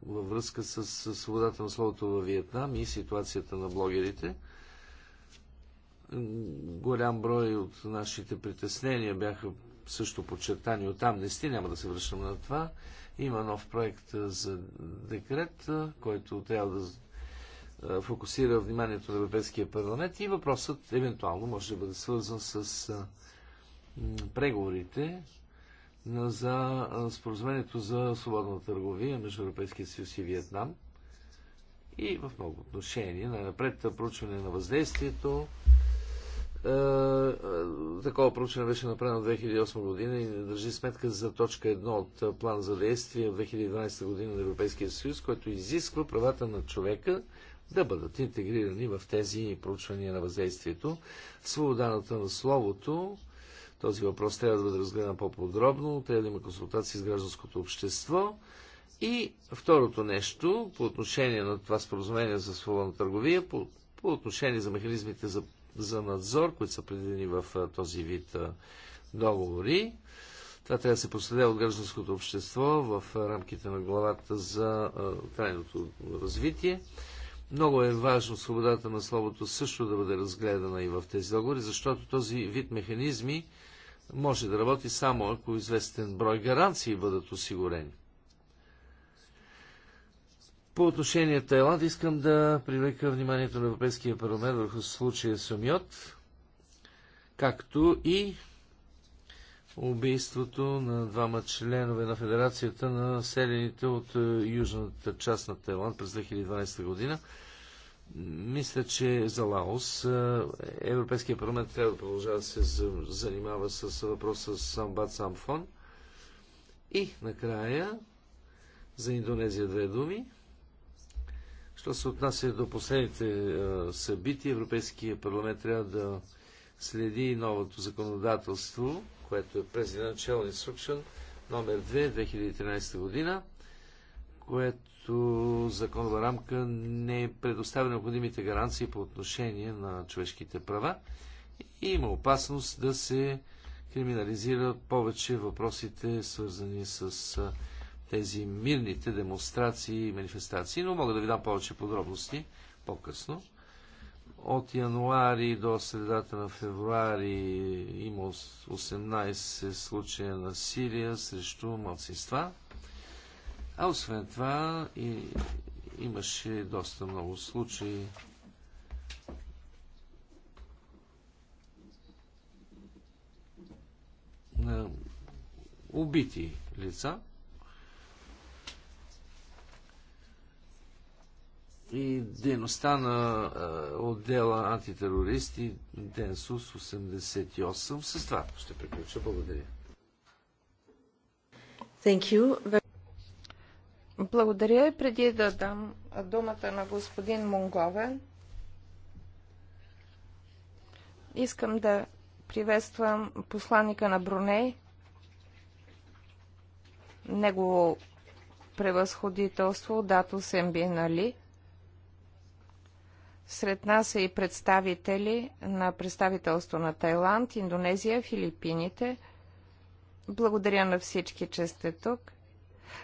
във връзка с свободата на словото във Виетнам и ситуацията на блогерите. Голям брой от нашите притеснения бяха също подчертани от Амнести, няма да се връщам на това. Има нов проект е, за декрет, е, който трябва да фокусира вниманието на Европейския парламент и въпросът евентуално може да бъде свързан с преговорите за споразумението за свободна търговия между Европейския съюз и Виетнам. И в много отношения, най-напред проучване на въздействието, е, е, такова проучване беше направено в 2008 година и държи сметка за точка 1 от план за действие в 2012 година на Европейския съюз, който изисква правата на човека да бъдат интегрирани в тези проучвания на въздействието. Свободаната на словото този въпрос трябва да бъде разгледан по-подробно, трябва да има консултации с гражданското общество. И второто нещо, по отношение на това споразумение за свободна търговия, по, по отношение за механизмите за, за надзор, които са предвидени в а, този вид а, договори, това трябва да се проследя от гражданското общество в рамките на главата за а, крайното развитие. Много е важно свободата на словото също да бъде разгледана и в тези договори, защото този вид механизми може да работи само ако известен брой гаранции бъдат осигурени. По отношение Тайланд искам да привлека вниманието на Европейския парламент върху случая Сумиот, както и убийството на двама членове на Федерацията на селените от е, южната част на Тайланд през 2012 година – мисля, че за Лаос Европейския парламент трябва да продължава да се занимава с въпроса с Самбат Самфон. И накрая за Индонезия две думи. Що се отнася до последните събития, Европейския парламент трябва да следи новото законодателство, което е Presidential Instruction номер 2, 2013 година, което като законова рамка не предоставя необходимите гаранции по отношение на човешките права и има опасност да се криминализира повече въпросите, свързани с тези мирните демонстрации и манифестации, но мога да ви дам повече подробности по-късно. От януари до средата на февруари има 18 случая насилия срещу младсинства а освен това и, имаше доста много случаи. на убити лица. И дейността на отдела антитерористи Денсус 88. С това ще приключа. Благодаря. Thank you. Благодаря и преди да дам думата на господин Монговен, искам да приветствам посланника на Бруней, негово превъзходителство Дато СЕМБИ, нали. Сред нас са е и представители на представителство на Тайланд, Индонезия, Филипините. Благодаря на всички, че сте тук.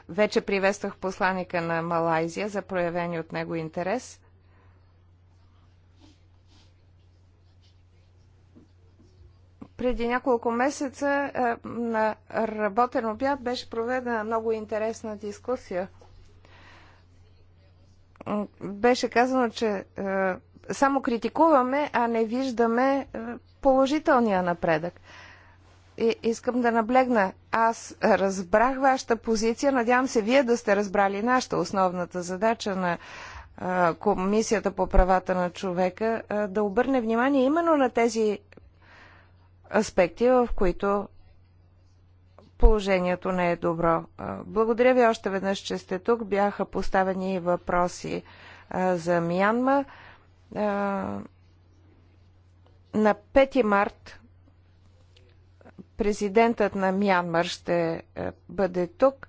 Вече приветствах посланика на Малайзия за проявени от него интерес. Преди няколко месеца е, на работен обяд беше проведена много интересна дискусия. Беше казано, че е, само критикуваме, а не виждаме е, положителния напредък и искам да наблегна. Аз разбрах вашата позиция, надявам се вие да сте разбрали нашата основната задача на Комисията по правата на човека да обърне внимание именно на тези аспекти, в които положението не е добро. Благодаря ви още веднъж, че сте тук. Бяха поставени въпроси за Мянма. На 5 март Президентът на Мянмар ще е, бъде тук.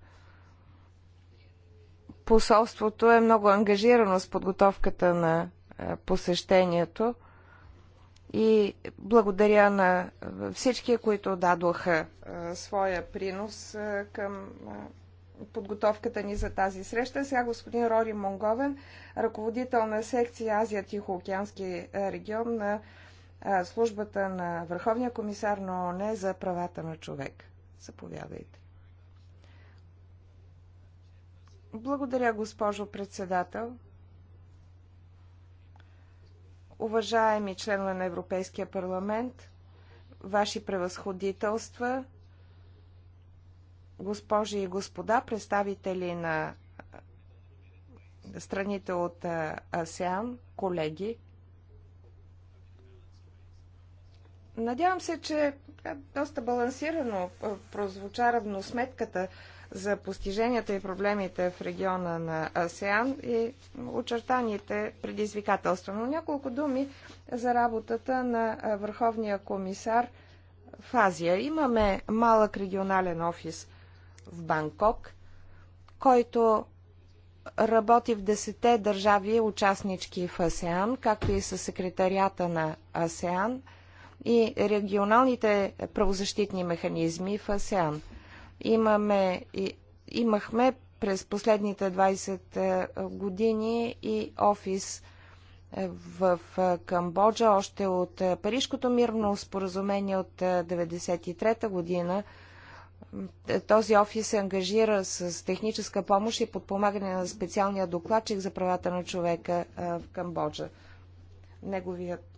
Посолството е много ангажирано с подготовката на е, посещението и благодаря на всички, които дадоха е, своя принос към подготовката ни за тази среща. Сега господин Рори Монговен, ръководител на секция Азия-Тихоокеански регион на службата на Върховния комисар на не за правата на човек. Заповядайте. Благодаря, госпожо председател. Уважаеми членове на Европейския парламент, ваши превъзходителства, госпожи и господа, представители на страните от АСЕАН, колеги, Надявам се, че доста балансирано прозвуча равносметката за постиженията и проблемите в региона на АСЕАН и очертаните предизвикателства. Но няколко думи за работата на Върховния комисар в Азия. Имаме малък регионален офис в Банкок, който работи в десете държави участнички в АСЕАН, както и със секретарията на АСЕАН – и регионалните правозащитни механизми в АСЕАН. Имаме, и, имахме през последните 20 е, години и офис е, в е, Камбоджа, още от Парижкото мирно споразумение от 1993 година. Този офис се ангажира с техническа помощ и подпомагане на специалния докладчик за правата на човека в Камбоджа. Неговият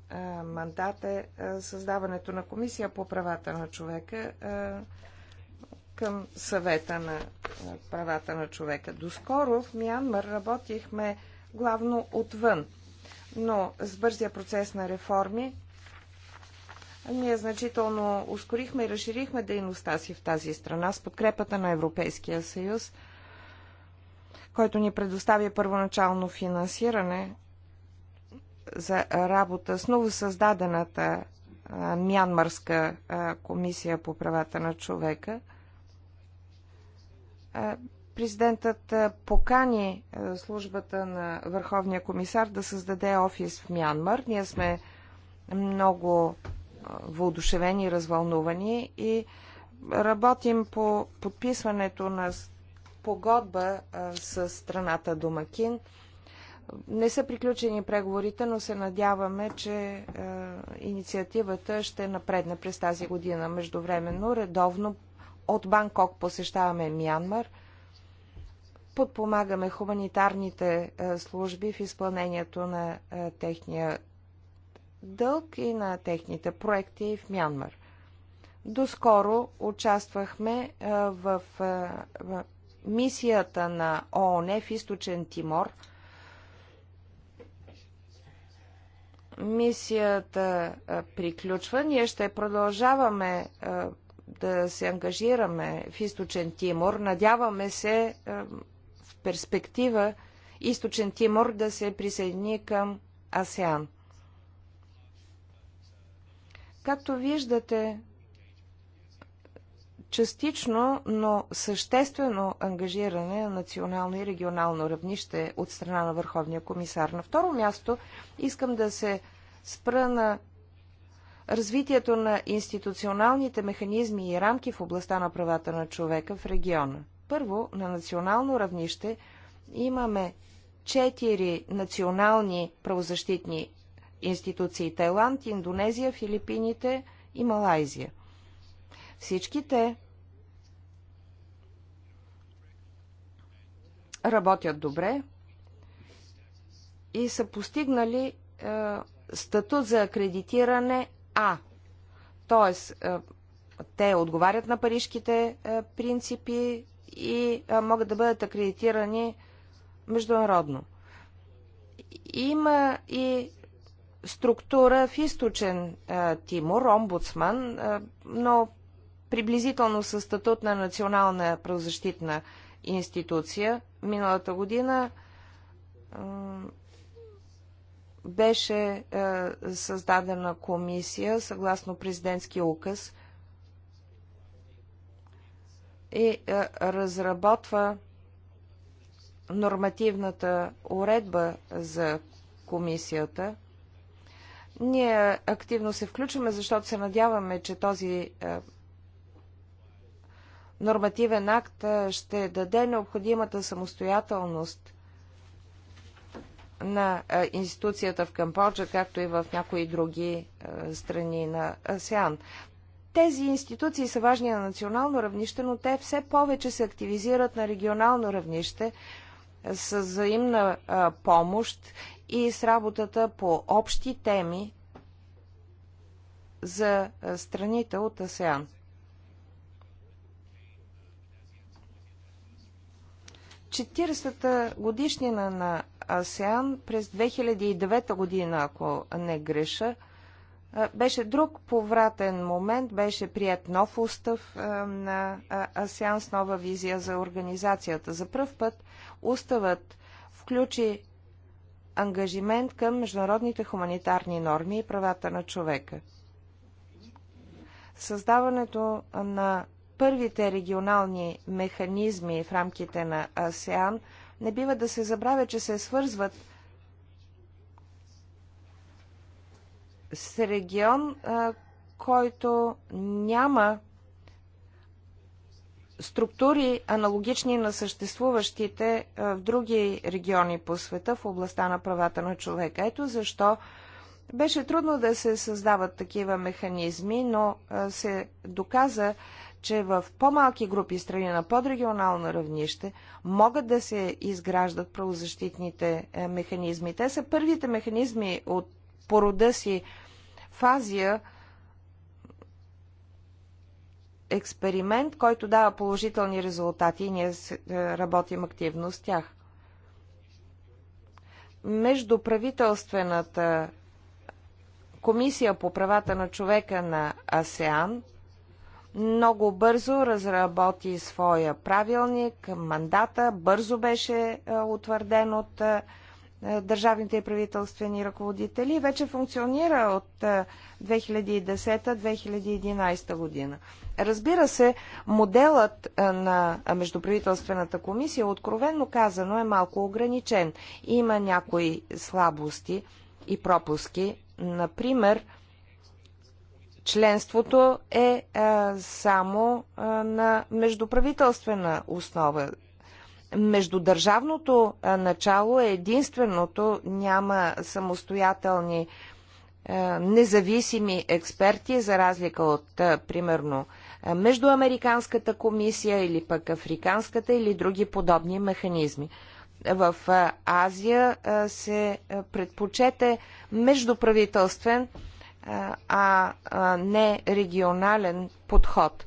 мандат е създаването на комисия по правата на човека към съвета на правата на човека. Доскоро в Мянмар работихме главно отвън, но с бързия процес на реформи ние значително ускорихме и разширихме дейността си в тази страна с подкрепата на Европейския съюз, който ни предостави първоначално финансиране за работа с новосъздадената Мянмарска комисия по правата на човека. Президентът покани службата на Върховния комисар да създаде офис в Мянмар. Ние сме много въодушевени, развълнувани и работим по подписването на погодба с страната Домакин не са приключени преговорите, но се надяваме, че е, инициативата ще напредне през тази година. Междувременно, редовно от Банкок посещаваме Мянмар, подпомагаме хуманитарните е, служби в изпълнението на е, техния дълг и на техните проекти в Мянмар. Доскоро участвахме е, е, в мисията на ООН в източен Тимор – мисията приключва. Ние ще продължаваме да се ангажираме в източен Тимор. Надяваме се в перспектива източен Тимор да се присъедини към АСЕАН. Както виждате, частично, но съществено ангажиране на национално и регионално равнище от страна на Върховния комисар. На второ място искам да се спра на развитието на институционалните механизми и рамки в областта на правата на човека в региона. Първо, на национално равнище имаме четири национални правозащитни институции Тайланд, Индонезия, Филипините и Малайзия – всички те работят добре и са постигнали е, статут за акредитиране А. Т.е. те отговарят на парижките е, принципи и е, могат да бъдат акредитирани международно. Има и структура в източен е, Тимур, омбудсман, е, но приблизително със статут на национална правозащитна институция. Миналата година беше е, създадена комисия съгласно президентски указ и е, разработва нормативната уредба за комисията. Ние активно се включваме, защото се надяваме, че този е, нормативен акт ще даде необходимата самостоятелност на институцията в Камбоджа, както и в някои други страни на АСЕАН. Тези институции са важни на национално равнище, но те все повече се активизират на регионално равнище с взаимна помощ и с работата по общи теми за страните от АСЕАН. 40-та годишнина на АСЕАН през 2009 година, ако не греша, беше друг повратен момент, беше прият нов устав на АСЕАН с нова визия за организацията. За пръв път уставът включи ангажимент към международните хуманитарни норми и правата на човека. Създаването на първите регионални механизми в рамките на АСЕАН, не бива да се забравя, че се свързват с регион, който няма структури, аналогични на съществуващите в други региони по света в областта на правата на човека. Ето защо беше трудно да се създават такива механизми, но се доказа, че в по-малки групи страни на подрегионално равнище могат да се изграждат правозащитните е, механизми. Те са първите механизми от порода си в Азия, експеримент, който дава положителни резултати и ние е, работим активно с тях. Между правителствената комисия по правата на човека на АСЕАН много бързо разработи своя правилник, мандата бързо беше е, утвърден от е, е, държавните и правителствени ръководители и вече функционира от 2010-2011 година. Разбира се, моделът на Междуправителствената комисия, откровенно казано, е малко ограничен. Има някои слабости и пропуски. Например, членството е а, само а, на междуправителствена основа. Междудържавното а, начало е единственото, няма самостоятелни а, независими експерти, за разлика от, а, примерно, междуамериканската комисия или пък Африканската или други подобни механизми. В Азия се предпочете междуправителствен а не регионален подход.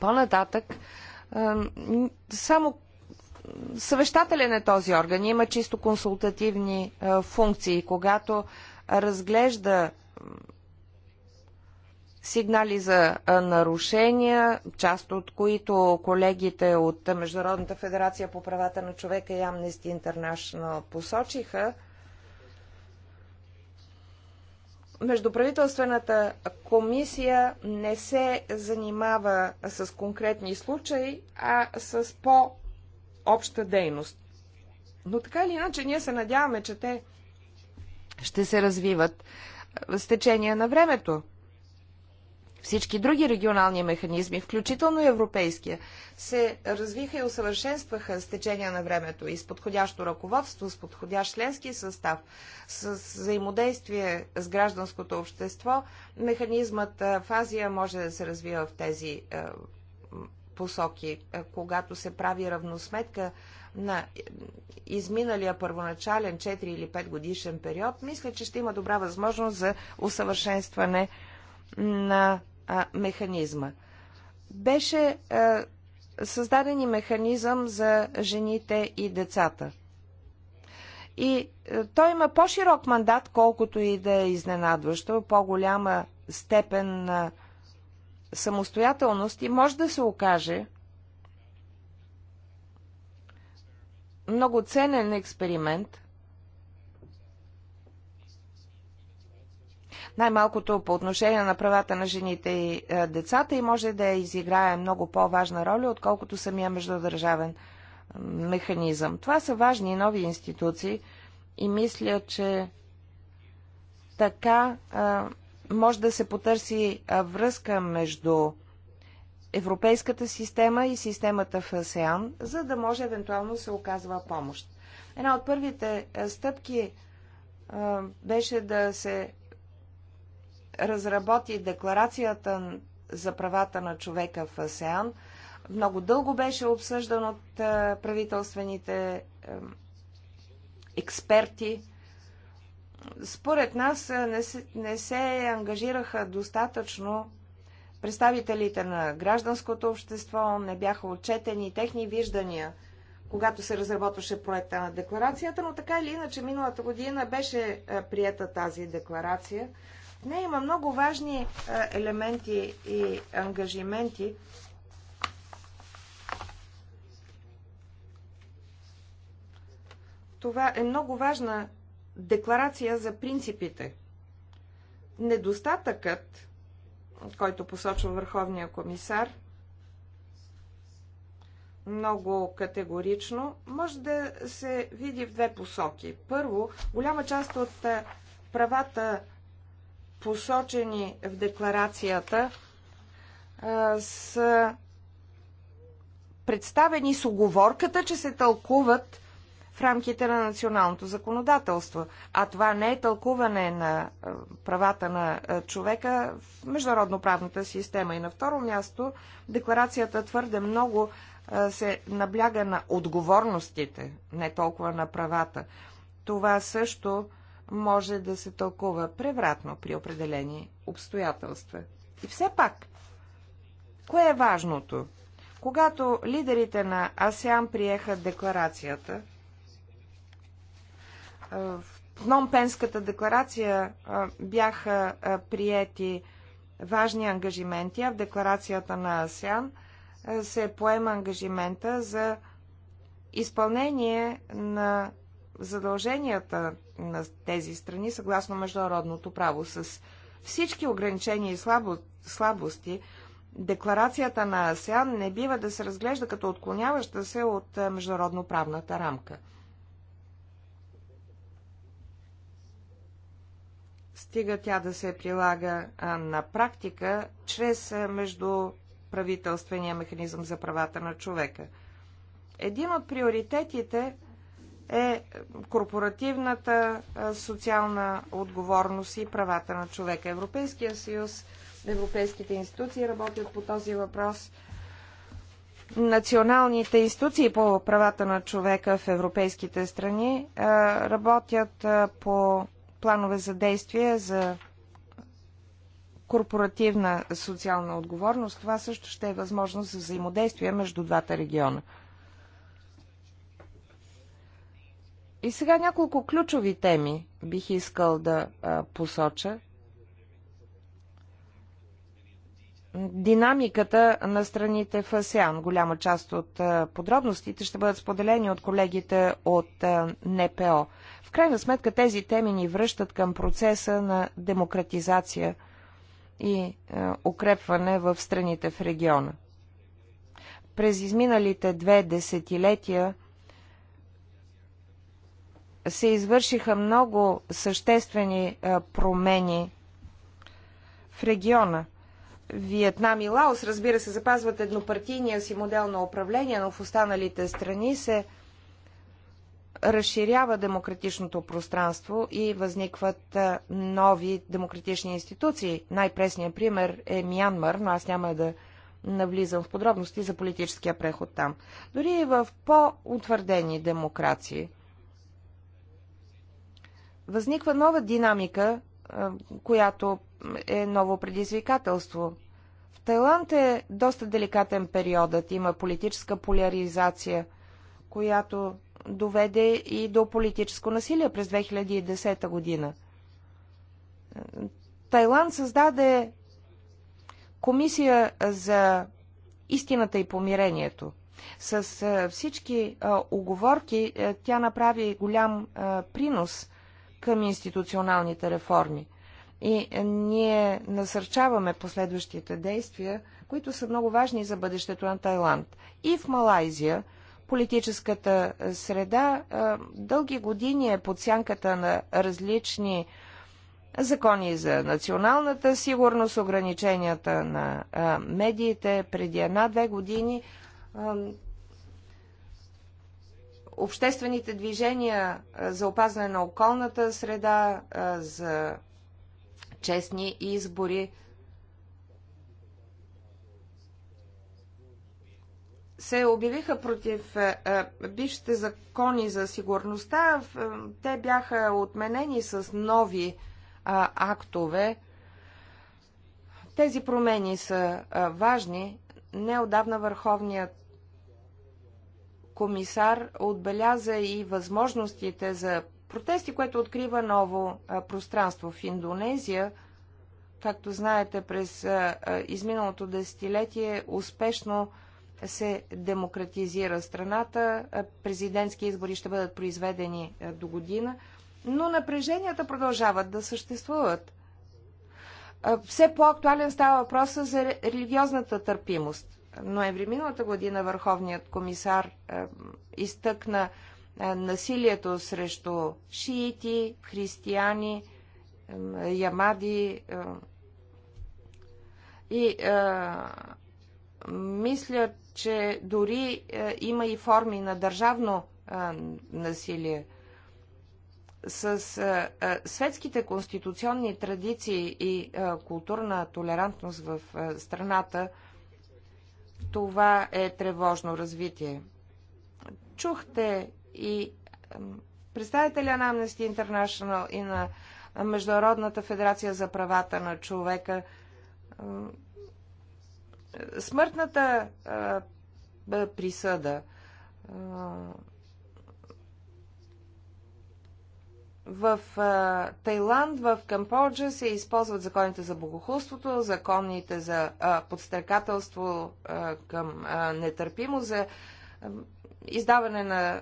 По-нататък, само съвещателен е този орган, има чисто консултативни функции. Когато разглежда сигнали за нарушения, част от които колегите от Международната федерация по правата на човека и Amnesty International посочиха, Междуправителствената комисия не се занимава с конкретни случаи, а с по-обща дейност. Но така или иначе, ние се надяваме, че те ще се развиват с течение на времето всички други регионални механизми, включително и европейския, се развиха и усъвършенстваха с течение на времето и с подходящо ръководство, с подходящ членски състав, с взаимодействие с гражданското общество, механизмът в Азия може да се развива в тези посоки, когато се прави равносметка на е, изминалия първоначален 4 или 5 годишен период, мисля, че ще има добра възможност за усъвършенстване на а, механизма. Беше а, създаден и механизъм за жените и децата. И а, той има по-широк мандат, колкото и да е изненадващо, по-голяма степен на самостоятелност и може да се окаже много ценен експеримент, най-малкото по отношение на правата на жените и е, децата и може да изиграе много по-важна роля, отколкото самия междудържавен механизъм. Това са важни нови институции и мисля, че така е, може да се потърси е, връзка между европейската система и системата в АСЕАН, за да може евентуално се оказва помощ. Една от първите стъпки беше да се разработи декларацията за правата на човека в АСЕАН. Много дълго беше обсъждан от е, правителствените е, експерти. Според нас е, не се, не се ангажираха достатъчно представителите на гражданското общество, не бяха отчетени техни виждания, когато се разработваше проекта на декларацията, но така или иначе миналата година беше прията тази декларация. В нея има много важни е, елементи и ангажименти. Това е много важна декларация за принципите. Недостатъкът, който посочва Върховния комисар, много категорично, може да се види в две посоки. Първо, голяма част от е, правата посочени в декларацията, са представени с оговорката, че се тълкуват в рамките на националното законодателство. А това не е тълкуване на правата на човека в международноправната система. И на второ място, декларацията твърде много се набляга на отговорностите, не толкова на правата. Това също може да се тълкува превратно при определени обстоятелства. И все пак, кое е важното? Когато лидерите на АСЕАН приеха декларацията, в Пномпенската декларация бяха приети важни ангажименти, а в декларацията на АСЕАН се поема ангажимента за изпълнение на задълженията на тези страни съгласно международното право. С всички ограничения и слабо, слабости, декларацията на АСЕАН не бива да се разглежда като отклоняваща се от международно правната рамка. Стига тя да се прилага на практика чрез междуправителствения механизъм за правата на човека. Един от приоритетите – е корпоративната е, социална отговорност и правата на човека. Европейския съюз, европейските институции работят по този въпрос. Националните институции по правата на човека в европейските страни е, работят е, по планове за действие за корпоративна социална отговорност. Това също ще е възможност за взаимодействие между двата региона. И сега няколко ключови теми бих искал да а, посоча. Динамиката на страните в АСЕАН. Голяма част от а, подробностите ще бъдат споделени от колегите от а, НПО. В крайна сметка тези теми ни връщат към процеса на демократизация и а, укрепване в страните в региона. През изминалите две десетилетия се извършиха много съществени промени в региона. Виетнам и Лаос, разбира се, запазват еднопартийния си модел на управление, но в останалите страни се разширява демократичното пространство и възникват нови демократични институции. Най-пресният пример е Мянмар, но аз няма да навлизам в подробности за политическия преход там. Дори и в по-утвърдени демокрации – възниква нова динамика, която е ново предизвикателство. В Тайланд е доста деликатен периодът. Има политическа поляризация, която доведе и до политическо насилие през 2010 година. Тайланд създаде комисия за истината и помирението. С всички оговорки тя направи голям принос – към институционалните реформи. И ние насърчаваме последващите действия, които са много важни за бъдещето на Тайланд. И в Малайзия политическата среда дълги години е под сянката на различни закони за националната сигурност, ограниченията на медиите. Преди една-две години обществените движения за опазване на околната среда, за честни избори. се обявиха против бившите закони за сигурността. Те бяха отменени с нови актове. Тези промени са важни. Неодавна Върховният комисар отбеляза и възможностите за протести, което открива ново пространство в Индонезия. Както знаете, през изминалото десетилетие успешно се демократизира страната. Президентски избори ще бъдат произведени до година, но напреженията продължават да съществуват. Все по-актуален става въпроса за религиозната търпимост ноември миналата година Върховният комисар е, изтъкна е, насилието срещу шиити, християни, е, ямади и мисля, че дори има и форми на държавно насилие. С светските конституционни традиции и културна толерантност в страната, това е тревожно развитие. Чухте и представителя на Amnesty International и на Международната федерация за правата на човека. Смъртната присъда В а, Тайланд, в Камбоджа се използват законите за богохулството, законите за а, подстрекателство а, към а, нетърпимо, за а, издаване на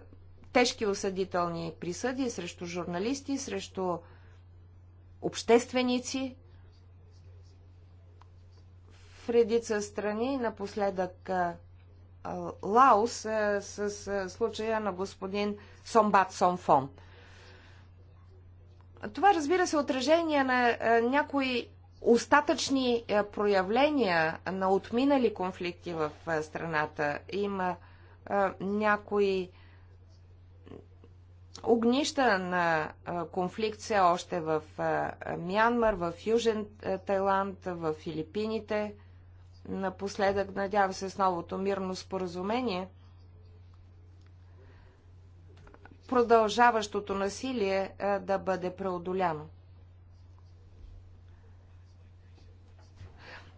тежки осъдителни присъди срещу журналисти, срещу общественици. В редица страни напоследък а, Лаос а, с а, случая на господин Сомбат Сомфон. Това разбира се е отражение на е, някои остатъчни е, проявления на отминали конфликти в страната. Има някои огнища на конфликт все още в Мянмар, в Южен Тайланд, в Филипините. Напоследък, надява се, с новото мирно споразумение – продължаващото насилие е, да бъде преодоляно.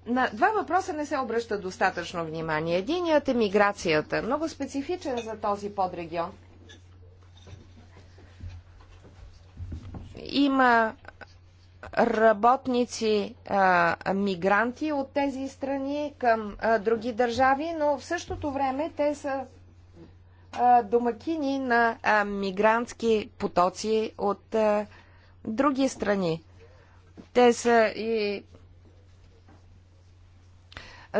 На два въпроса не се обръща достатъчно внимание. Единият е миграцията, много специфичен за този подрегион. Има работници, а, мигранти от тези страни към а, други държави, но в същото време те са домакини на мигрантски потоци от други страни. Те са и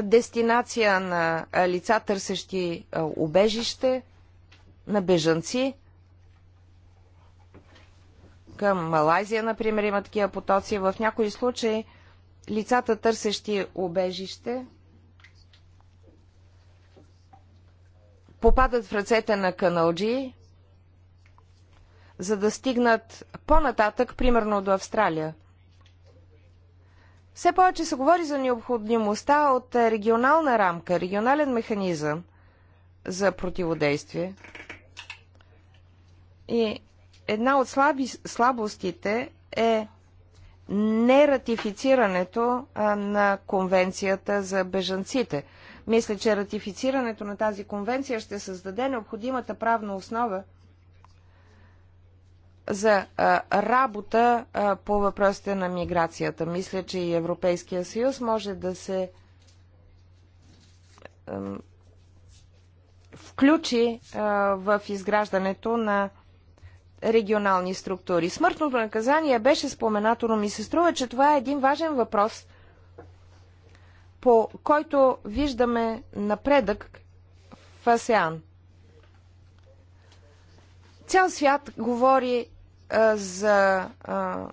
дестинация на лица, търсещи убежище, на бежанци. Към Малайзия, например, има такива потоци. В някои случаи лицата, търсещи убежище, попадат в ръцете на каналджи, за да стигнат по-нататък, примерно до Австралия. Все повече се говори за необходимостта от регионална рамка, регионален механизъм за противодействие. И една от слаби, слабостите е нератифицирането на конвенцията за бежанците – мисля, че ратифицирането на тази конвенция ще създаде необходимата правна основа за а, работа а, по въпросите на миграцията. Мисля, че и Европейския съюз може да се а, включи в изграждането на регионални структури. Смъртното наказание беше споменато, но ми се струва, че това е един важен въпрос, по който виждаме напредък в АСЕАН. Цял свят говори а, за а,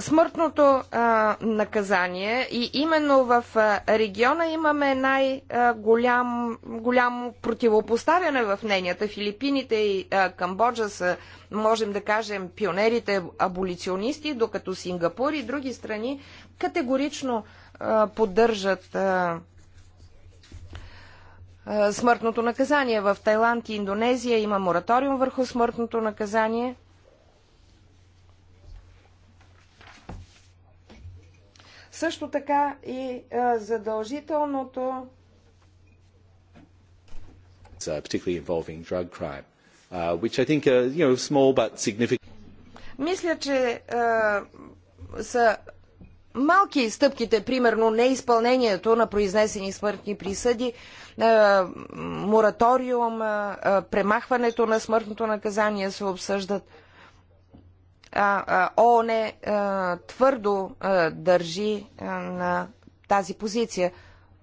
смъртното а, наказание и именно в региона имаме най-голямо голям противопоставяне в мненията. Филипините и а, Камбоджа са, можем да кажем, пионерите аболиционисти, докато Сингапур и други страни категорично а, поддържат смъртното наказание. В Тайланд и Индонезия има мораториум върху смъртното наказание – Също така и задължителното uh, particularly involving drug crime, uh, which I think uh, you know, small but significant. Мисля, че uh, са малки стъпките, примерно неизпълнението на произнесени смъртни присъди, мораториум, uh, премахването на смъртното наказание се обсъждат. ООН е, твърдо държи на тази позиция.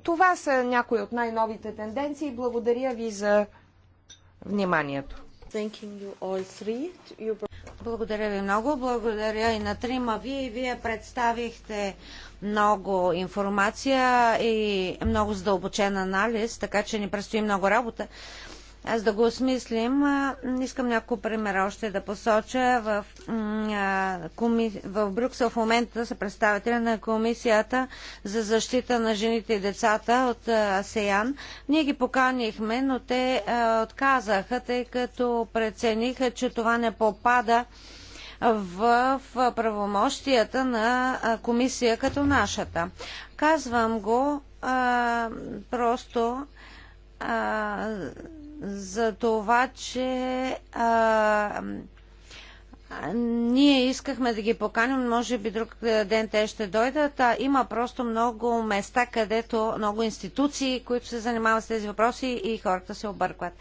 Това са някои от най-новите тенденции. Благодаря ви за вниманието. Благодаря ви много. Благодаря и на трима ви. Вие представихте много информация и много задълбочен анализ, така че ни предстои много работа за да го осмислим. Искам няколко примера още да посоча. В, коми... в Брюксел в момента са представители на Комисията за защита на жените и децата от АСЕАН. Ние ги поканихме, но те отказаха, тъй като прецениха, че това не попада в правомощията на комисия като нашата. Казвам го а, просто а, за това, че а, ние искахме да ги поканим, може би друг ден те ще дойдат. А има просто много места, където много институции, които се занимават с тези въпроси и хората се объркват.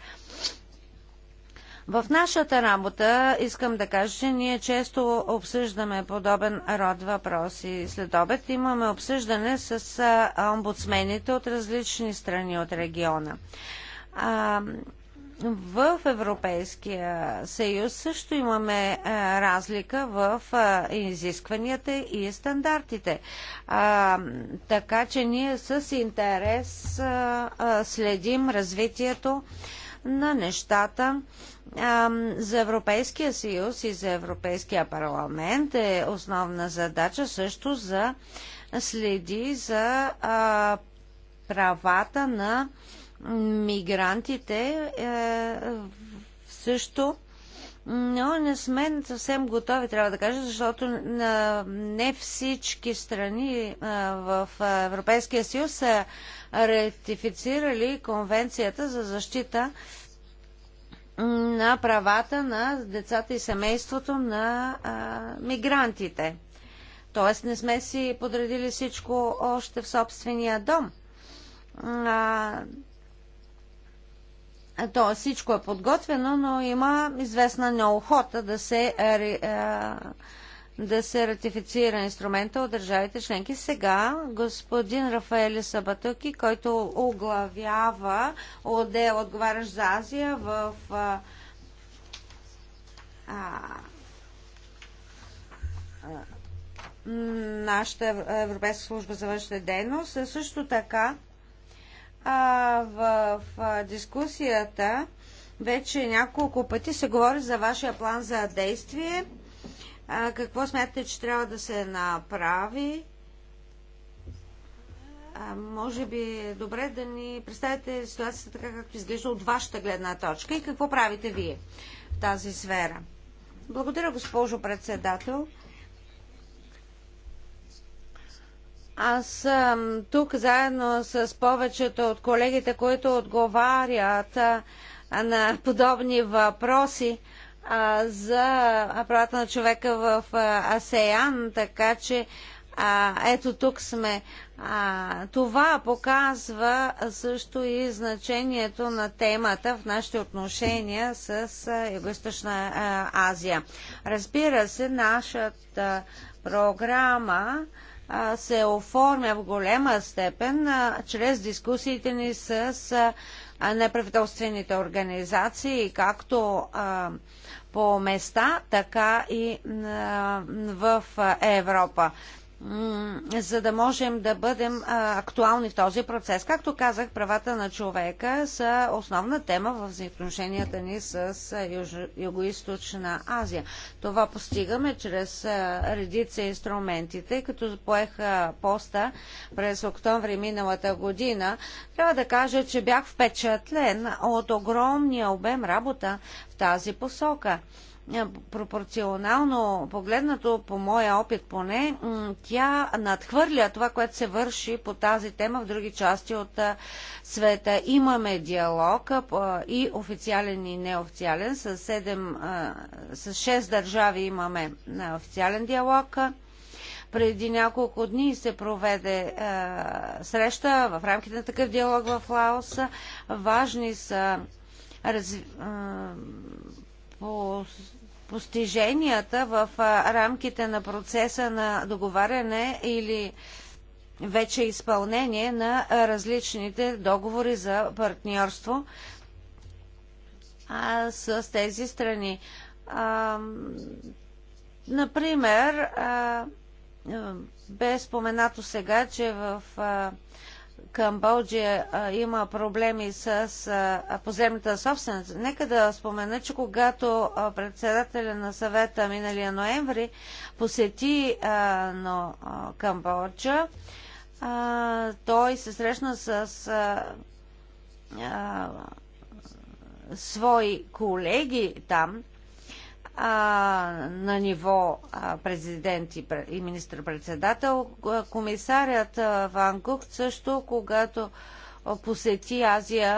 В нашата работа искам да кажа, че ние често обсъждаме подобен род въпроси. След обед имаме обсъждане с омбудсмените от различни страни от региона в Европейския съюз също имаме е, разлика в е, изискванията и стандартите. така че ние с интерес е, следим развитието на нещата за Европейския съюз и за Европейския парламент е основна задача също за следи за правата на мигрантите е, също но не сме съвсем готови, трябва да кажа, защото не всички страни е, в Европейския съюз са ратифицирали Конвенцията за защита на правата на децата и семейството на мигрантите. Тоест не сме си подредили всичко още в собствения дом то всичко е подготвено, но има известна неохота да се, да се ратифицира инструмента от държавите членки. Сега господин Рафаели Сабатуки, който оглавява отдел отговарящ за Азия в а, а, нашата Европейска служба за външна дейност, също така а, в, в дискусията вече няколко пъти се говори за вашия план за действие. А, какво смятате, че трябва да се направи? А, може би е добре да ни представите ситуацията така, както изглежда от вашата гледна точка и какво правите вие в тази сфера. Благодаря, госпожо председател. Аз съм тук заедно с повечето от колегите, които отговарят на подобни въпроси за правата на човека в асеян, АСЕАН, така че ето тук сме. това показва също и значението на темата в нашите отношения с Юго-Источна Азия. Разбира се, нашата програма се оформя в голема степен чрез дискусиите ни с неправителствените организации, както по места, така и в Европа за да можем да бъдем актуални в този процес. Както казах, правата на човека са основна тема в взаимоотношенията ни с Юго-Источна Азия. Това постигаме чрез редица инструментите, като поех поста през октомври миналата година. Трябва да кажа, че бях впечатлен от огромния обем работа в тази посока. Е, пропорционално погледнато, по моя опит поне, тя надхвърля това, което се върши по тази тема в други части от света. Имаме диалог и официален и неофициален. С, 7, с 6 държави имаме официален диалог. Преди няколко дни се проведе е, среща в рамките на такъв диалог в Лаос. Важни са е, по постиженията в рамките на процеса на договаряне или вече изпълнение на различните договори за партньорство с тези страни. например, бе споменато сега, че в Камбоджия има проблеми с поземната собственост. Нека да спомена, че когато председателя на съвета миналия ноември посети но, Камбоджа, той се срещна с свои колеги там на ниво президент и министр-председател. Комисарят Ван Гук също, когато посети Азия,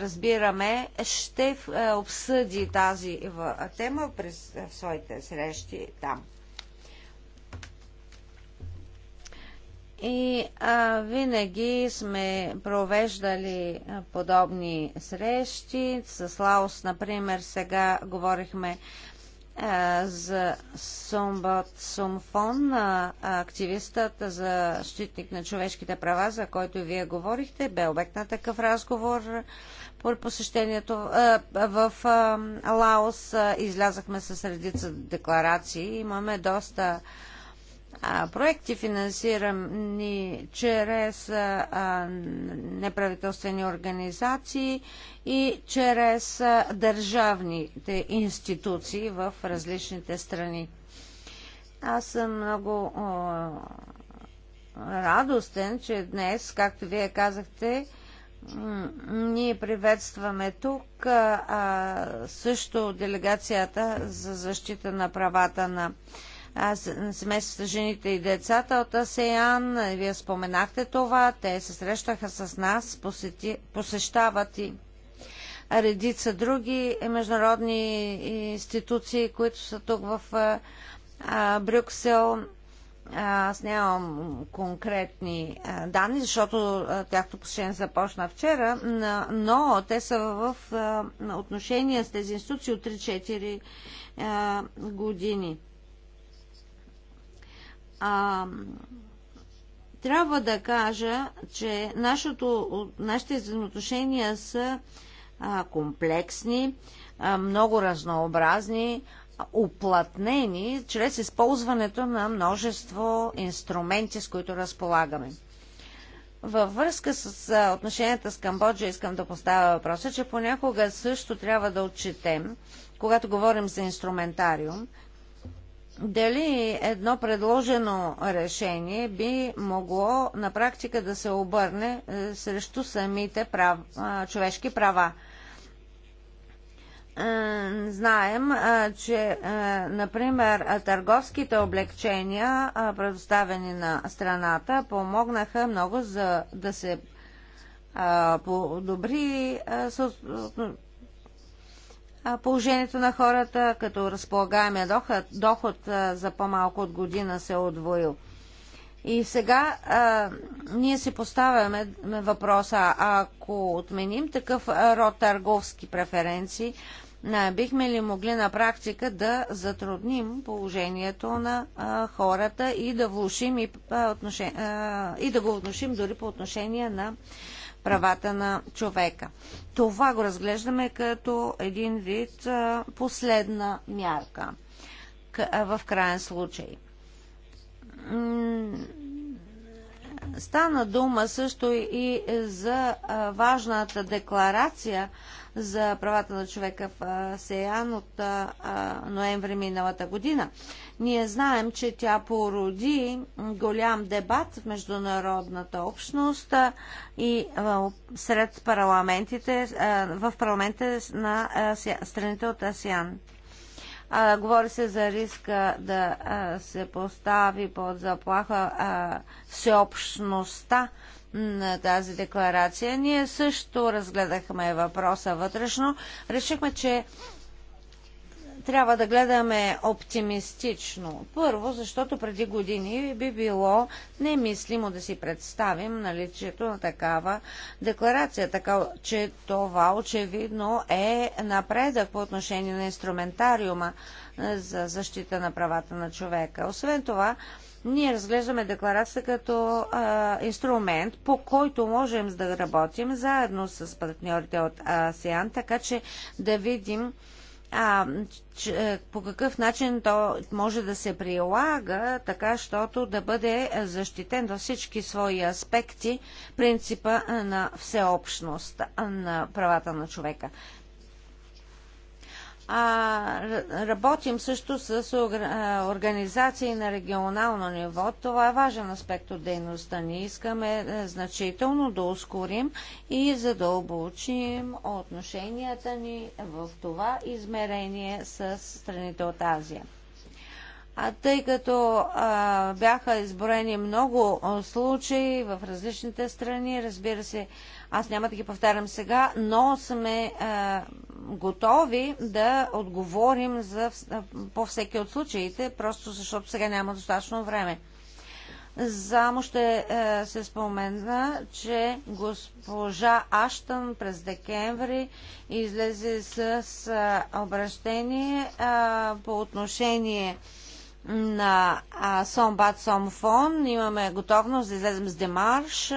разбираме, ще обсъди тази тема през своите срещи там. И а, винаги сме провеждали подобни срещи. С Лаос, например, сега говорихме за Сомбат Сумфон, активистът за щитник на човешките права, за който вие говорихте, бе обект на такъв разговор по посещението в Лаос. Излязахме с редица декларации. Имаме доста проекти, финансирани чрез неправителствени организации и чрез държавните институции в различните страни. Аз съм много радостен, че днес, както вие казахте, ние приветстваме тук а, също делегацията за защита на правата на семейство с жените и децата от АСЕАН. Нали, вие споменахте това. Те се срещаха с нас, посети, посещават и редица други международни институции, които са тук в а, Брюксел. Аз нямам конкретни а, данни, защото а, тяхто посещение започна вчера, но, но те са в а, отношения с тези институции от 3-4 години. А, трябва да кажа, че нашото, нашите взаимоотношения са а, комплексни, а, много разнообразни, уплътнени чрез използването на множество инструменти, с които разполагаме. Във връзка с отношенията с Камбоджа искам да поставя въпроса, че понякога също трябва да отчетем, когато говорим за инструментариум, дали едно предложено решение би могло на практика да се обърне е, срещу самите прав, човешки права. Е, знаем, че, е, например, търговските облегчения, предоставени на страната, помогнаха много за да се подобри положението на хората, като разполагаемия доход, доход за по-малко от година се е отвоил. И сега а, ние си поставяме въпроса, ако отменим такъв род търговски преференции, а, бихме ли могли на практика да затрудним положението на а, хората и да, влушим и, а, отношение, а, и да го отношим дори по отношение на а, правата на човека. Това го разглеждаме като един вид последна мярка в крайен случай Стана дума също и за важната декларация за правата на човека в Сеян от ноември миналата година. Ние знаем, че тя породи голям дебат в международната общност и сред парламентите, в парламентите на страните от Асиан. А, говори се за риска да а, се постави под заплаха а, всеобщността на тази декларация. Ние също разгледахме въпроса вътрешно. Решихме, че трябва да гледаме оптимистично. Първо, защото преди години би било немислимо да си представим наличието на такава декларация, така че това очевидно е напредък по отношение на инструментариума за защита на правата на човека. Освен това, ние разглеждаме декларацията като а, инструмент, по който можем да работим заедно с партньорите от АСЕАН, така че да видим а, че, по какъв начин то може да се прилага, така, щото да бъде защитен във всички свои аспекти принципа на всеобщност на правата на човека. А, работим също с организации на регионално ниво. Това е важен аспект от дейността ние Искаме е, значително да ускорим и задълбочим да отношенията ни в това измерение с страните от Азия. А тъй като а, бяха изброени много случаи в различните страни, разбира се, аз няма да ги повтарям сега, но сме а, е, готови да отговорим за, е, по всеки от случаите, просто защото сега няма достатъчно време. Само ще а, е, се спомена, че госпожа Аштън през декември излезе с, а, обращение а, по отношение на Сомбат Сомфон. Имаме готовност да излезем с демарш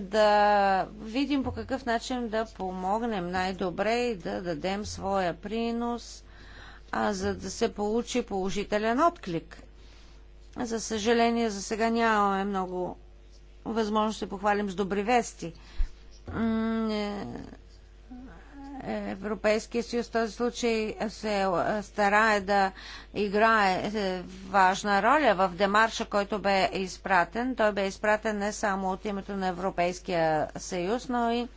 да видим по какъв начин да помогнем най-добре и да дадем своя принос, а, за да се получи положителен отклик. За съжаление, за сега нямаме много възможност да похвалим с добри вести е, Европейския съюз в този случай се старае да играе е, важна роля в демарша, който бе изпратен. Той бе изпратен не само от името на Европейския съюз, но и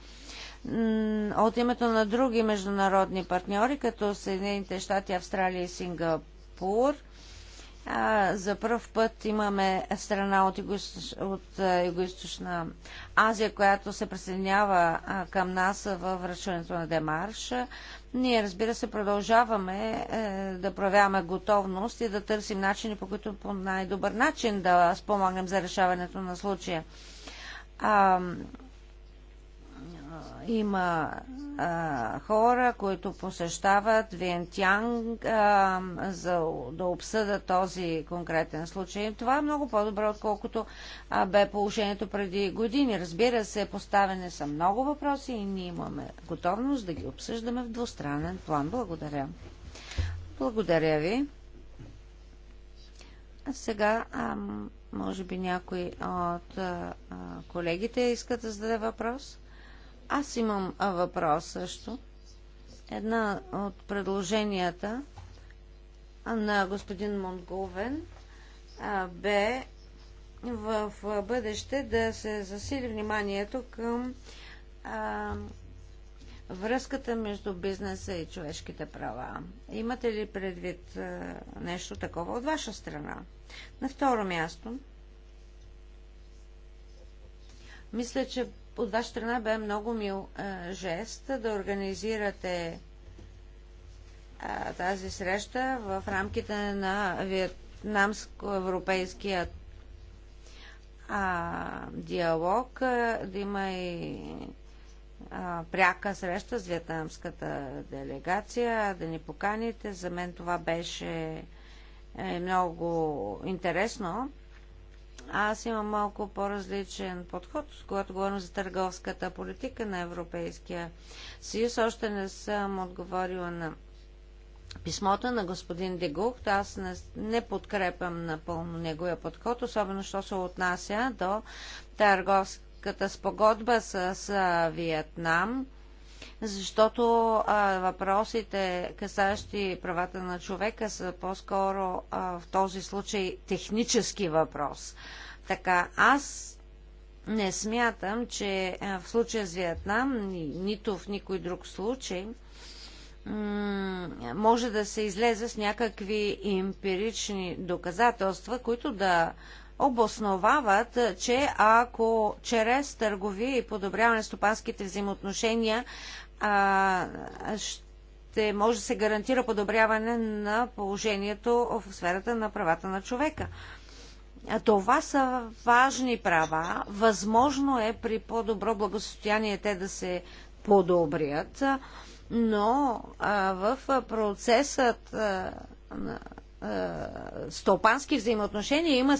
от името на други международни партньори, като Съединените щати, Австралия и Сингапур – за първ път имаме страна от, юго, от юго Азия, която се присъединява към нас във връщането на Демарш. Ние, разбира се, продължаваме е, да проявяваме готовност и да търсим начини, по които по най-добър начин да спомогнем за решаването на случая има а, хора, които посещават Вентянг а, за да обсъдат този конкретен случай. Това е много по добро отколкото а, бе положението преди години. Разбира се, поставени са много въпроси и ние имаме готовност да ги обсъждаме в двустранен план. Благодаря. Благодаря ви. А сега, а, може би някой от а, колегите иска да зададе въпрос? Аз имам въпрос също. Една от предложенията на господин Монговен бе в бъдеще да се засили вниманието към а, връзката между бизнеса и човешките права. Имате ли предвид а, нещо такова от ваша страна? На второ място, мисля, че от ваша страна бе много мил е, жест да организирате е, тази среща в рамките на вьетнамско-европейския диалог, е, да има и пряка среща с вьетнамската делегация, да ни поканите. За мен това беше е, много интересно аз имам малко по-различен подход, когато говорим за търговската политика на Европейския съюз. Още не съм отговорила на писмото на господин Дегухт. Аз не, не подкрепям напълно неговия подход, особено що се отнася до търговската спогодба с, с Виетнам защото а, въпросите, касащи правата на човека, са по-скоро в този случай технически въпрос. Така, аз не смятам, че в случая с Виетнам, ни, нито в никой друг случай, може да се излезе с някакви емпирични доказателства, които да обосновават, че ако чрез търговия и подобряване стопанските взаимоотношения ще може да се гарантира подобряване на положението в сферата на правата на човека. Това са важни права. Възможно е при по-добро благосостояние те да се подобрят, но в процесът на стопански взаимоотношения има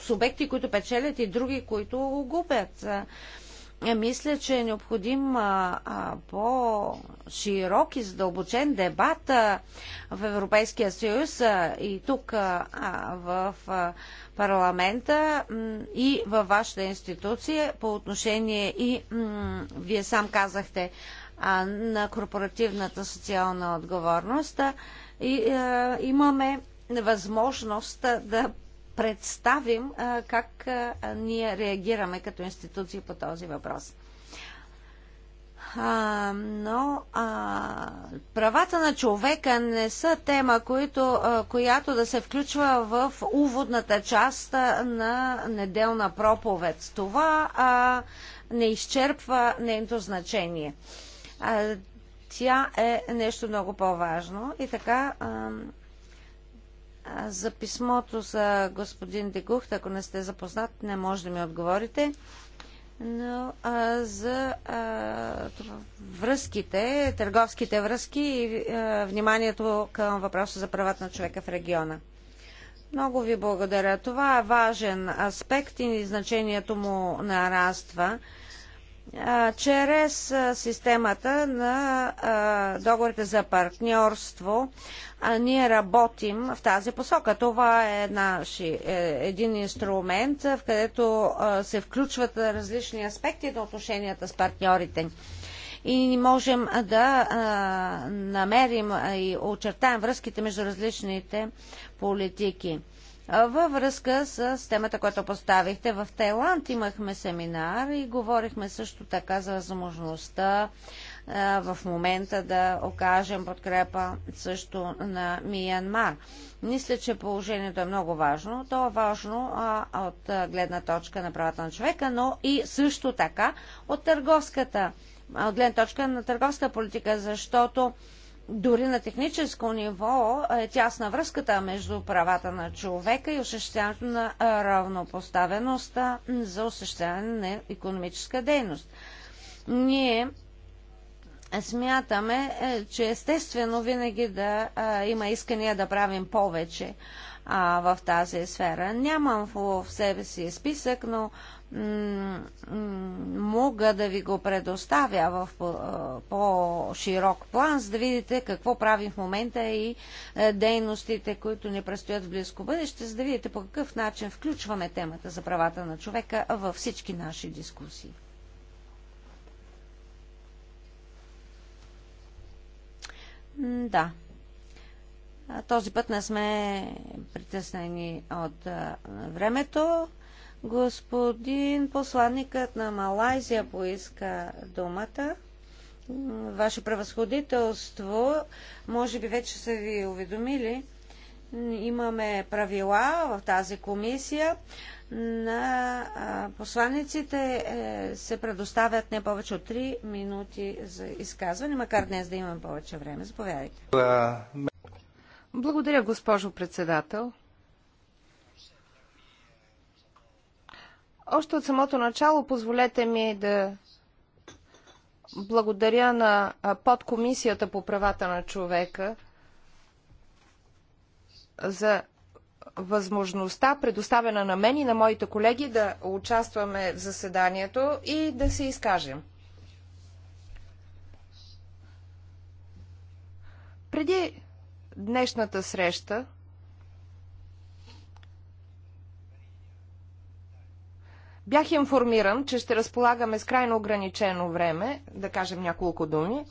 субекти, които печелят и други, които губят мисля, че е необходим по-широк и задълбочен дебат а, в Европейския съюз а, и тук а, в парламента и във вашата институция по отношение и вие сам казахте на корпоративната социална отговорност. И, имаме възможност да представим как ние реагираме като институции по този въпрос. А, но а, правата на човека не са тема, които, а, която да се включва в уводната част на неделна проповед. Това а, не изчерпва нейното значение. А, тя е нещо много по-важно и така. А, за писмото за господин Дегухт, ако не сте запознат, не може да ми отговорите. Но а, за а, връзките, търговските връзки и а, вниманието към въпроса за правата на човека в региона. Много ви благодаря. Това е важен аспект и значението му нараства чрез системата на договорите за партньорство ние работим в тази посока. Това е наш е, един инструмент, в където се включват различни аспекти на отношенията с партньорите. И можем да намерим и очертаем връзките между различните политики. Във връзка с темата, която поставихте, в Тайланд имахме семинар и говорихме също така за възможността в момента да окажем подкрепа също на Миянмар. Мисля, че положението е много важно. То е важно а, от гледна точка на правата на човека, но и също така от търговската, от гледна точка на търговска политика, защото дори на техническо ниво е тясна връзката между правата на човека и осъществяването на равнопоставеността за осъществяване на економическа дейност. Ние смятаме, е, че естествено винаги да има искания да правим повече а, в тази сфера. Нямам в себе си списък, но мога да ви го предоставя в по-широк по план, за да видите какво правим в момента и дейностите, които ни предстоят в близко бъдеще, за да видите по какъв начин включваме темата за правата на човека във всички наши дискусии. да. Този път не сме притеснени от времето. Господин посланникът на Малайзия поиска думата. Ваше превъзходителство, може би вече са ви уведомили, имаме правила в тази комисия. На посланниците е, се предоставят не повече от 3 минути за изказване, макар днес да имаме повече време. Заповядайте. Благодаря, госпожо председател. Още от самото начало позволете ми да благодаря на подкомисията по правата на човека за възможността, предоставена на мен и на моите колеги, да участваме в заседанието и да се изкажем. Преди днешната среща бях информиран, че ще разполагаме с крайно ограничено време, да кажем няколко думи.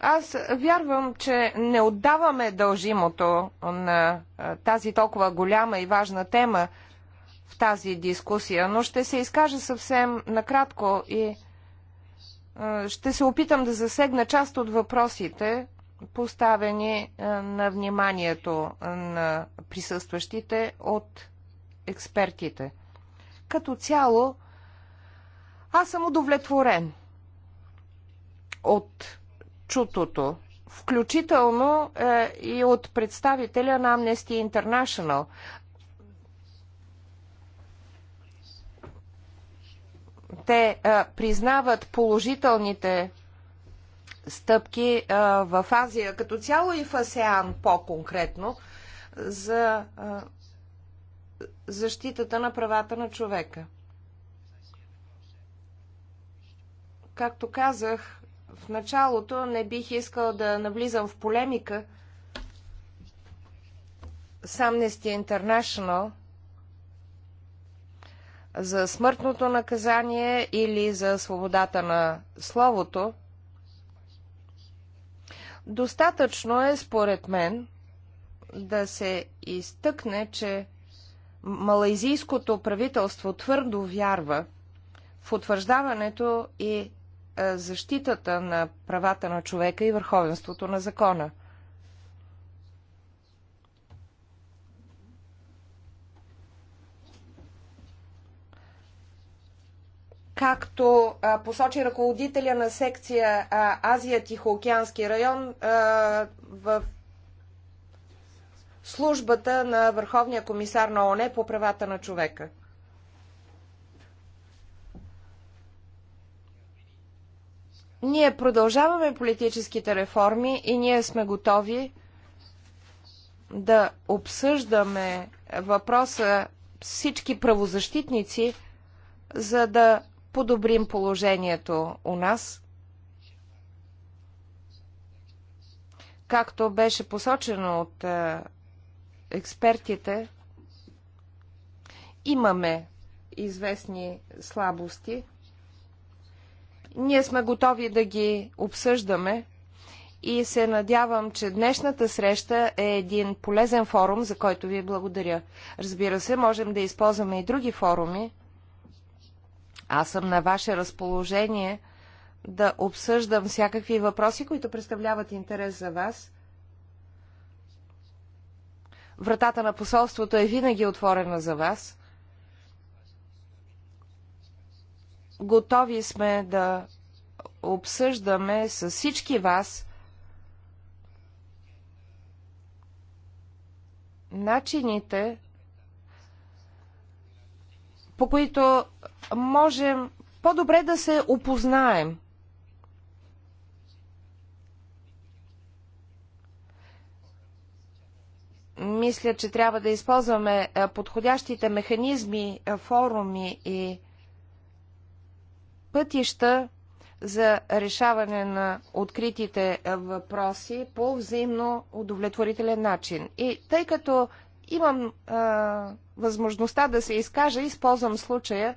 Аз вярвам, че не отдаваме дължимото на тази толкова голяма и важна тема – в тази дискусия, но ще се изкажа съвсем накратко и е, ще се опитам да засегна част от въпросите, поставени е, на вниманието е, на присъстващите от експертите. Като цяло, аз съм удовлетворен от чутото, включително и от представителя на Amnesty International. те признават положителните стъпки в Азия като цяло и в АСЕАН по-конкретно за защитата на правата на човека. Както казах, в началото не бих искал да навлизам в полемика с Amnesty International – за смъртното наказание или за свободата на словото, достатъчно е, според мен, да се изтъкне, че малайзийското правителство твърдо вярва в утвърждаването и защитата на правата на човека и върховенството на закона – Както а, посочи ръководителя на секция а, Азия-Тихоокеански район а, в службата на Върховния комисар на ОНЕ по правата на човека. Ние продължаваме политическите реформи и ние сме готови да обсъждаме въпроса всички правозащитници, за да подобрим положението у нас. Както беше посочено от експертите, имаме известни слабости. Ние сме готови да ги обсъждаме и се надявам, че днешната среща е един полезен форум, за който ви благодаря. Разбира се, можем да използваме и други форуми. Аз съм на ваше разположение да обсъждам всякакви въпроси, които представляват интерес за вас. Вратата на посолството е винаги отворена за вас. Готови сме да обсъждаме с всички вас начините по които можем по-добре да се опознаем. Мисля, че трябва да използваме е, подходящите механизми, е, форуми и пътища за решаване на откритите е, въпроси по взаимно удовлетворителен начин. И тъй като Имам а, възможността да се изкажа, използвам случая.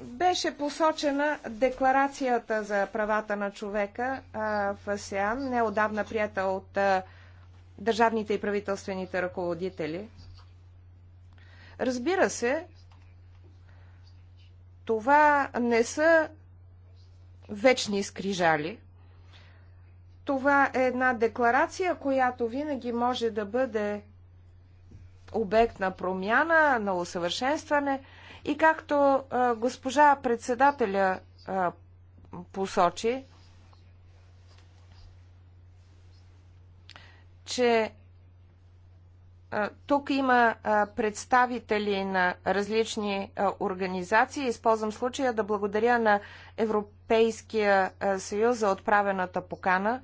Беше посочена декларацията за правата на човека а, в АСЕАН, неодавна прията от а, държавните и правителствените ръководители. Разбира се, това не са вечни скрижали. Това е една декларация, която винаги може да бъде обект на промяна, на усъвършенстване. И както а, госпожа председателя а, посочи, че тук има представители на различни организации. Използвам случая да благодаря на Европейския съюз за отправената покана.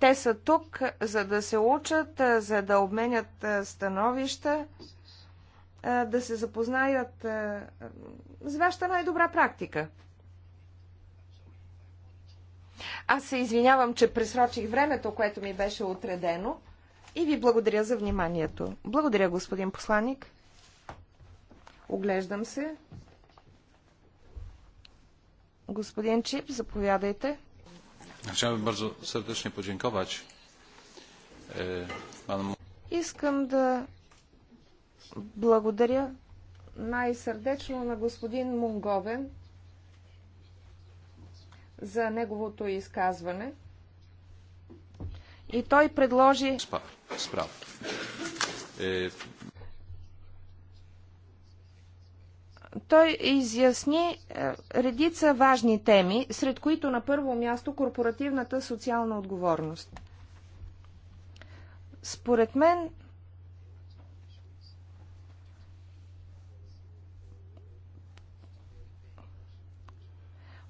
Те са тук, за да се учат, за да обменят становища, да се запознаят с вашата най-добра практика. Аз се извинявам, че пресрочих времето, което ми беше отредено. И ви благодаря за вниманието. Благодаря, господин посланник. Оглеждам се. Господин Чип, заповядайте. Chciałbym bardzo serdecznie podziękować e, panu. Искам да благодаря най-сърдечно на господин Мунговен за неговото изказване. И той предложи... Е... Той изясни е, редица важни теми, сред които на първо място корпоративната социална отговорност. Според мен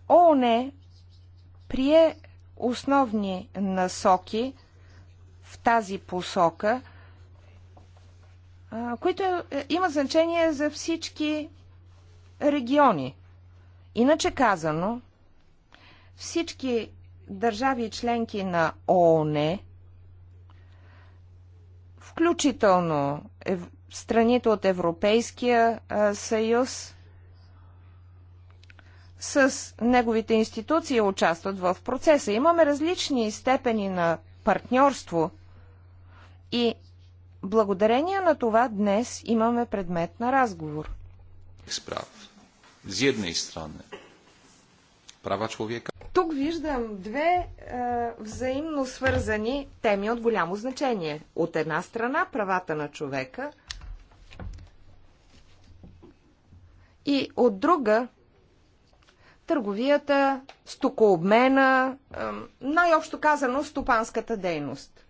ООН прие основни насоки в тази посока, които е, има значение за всички региони. Иначе казано, всички държави членки на ООН, включително страните от Европейския съюз, с неговите институции участват в процеса. Имаме различни степени на партньорство – и благодарение на това днес имаме предмет на разговор. Справ. С една страна права човека. Тук виждам две е, взаимно свързани теми от голямо значение. От една страна правата на човека и от друга търговията, стокообмена, е, най-общо казано стопанската дейност.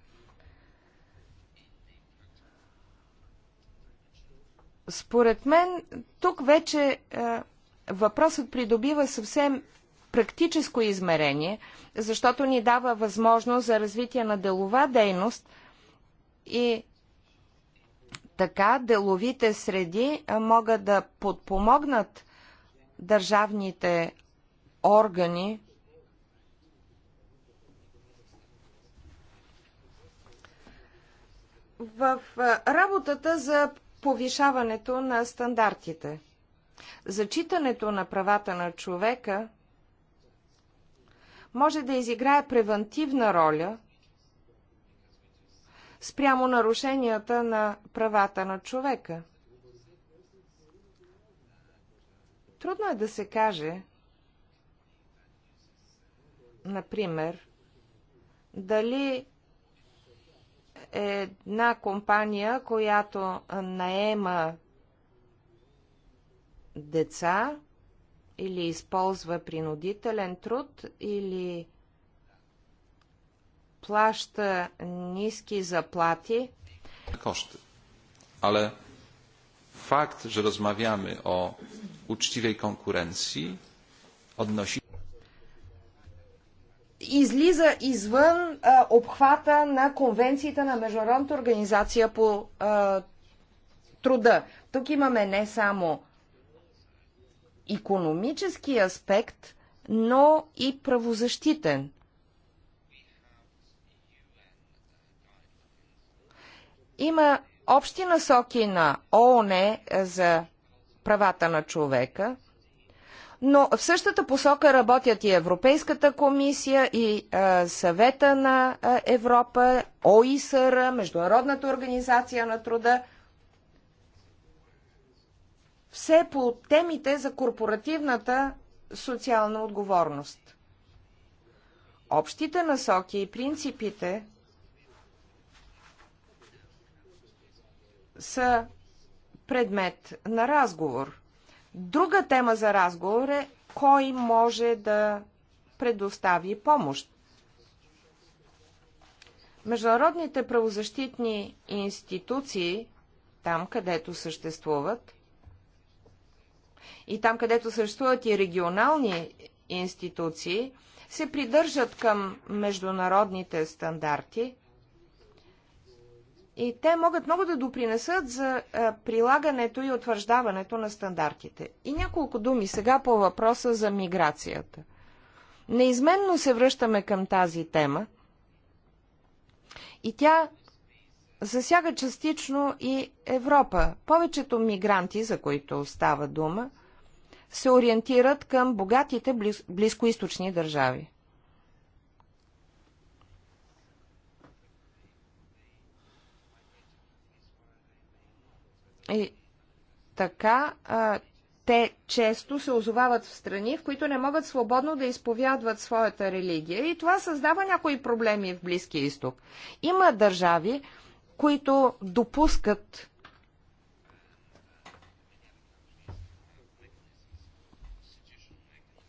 Според мен, тук вече а, е, въпросът придобива съвсем практическо измерение, защото ни дава възможност за развитие на делова дейност и така деловите среди е, могат да подпомогнат държавните органи в е, работата за повишаването на стандартите. Зачитането на правата на човека може да изиграе превентивна роля спрямо нарушенията на правата на човека. Трудно е да се каже, например, дали е една компания, която наема деца или използва принудителен труд или плаща ниски заплати. Кошти. Але факт, że rozmawiamy o uczciwej konkurencji, odnosi излиза извън а, обхвата на конвенциите на Международната организация по а, труда. Тук имаме не само економически аспект, но и правозащитен. Има общи насоки на ООН за правата на човека, но в същата посока работят и Европейската комисия, и а, Съвета на Европа, ОИСР, Международната организация на труда. Все по темите за корпоративната социална отговорност. Общите насоки и принципите са предмет на разговор – Друга тема за разговор е кой може да предостави помощ. Международните правозащитни институции, там където съществуват, и там където съществуват и регионални институции, се придържат към международните стандарти и те могат много да допринесат за прилагането и утвърждаването на стандартите. И няколко думи сега по въпроса за миграцията. Неизменно се връщаме към тази тема и тя засяга частично и Европа. Повечето мигранти, за които става дума, се ориентират към богатите близкоисточни държави. И така а, те често се озовават в страни, в които не могат свободно да изповядват своята религия. И това създава някои проблеми в Близкия изток. Има държави, които допускат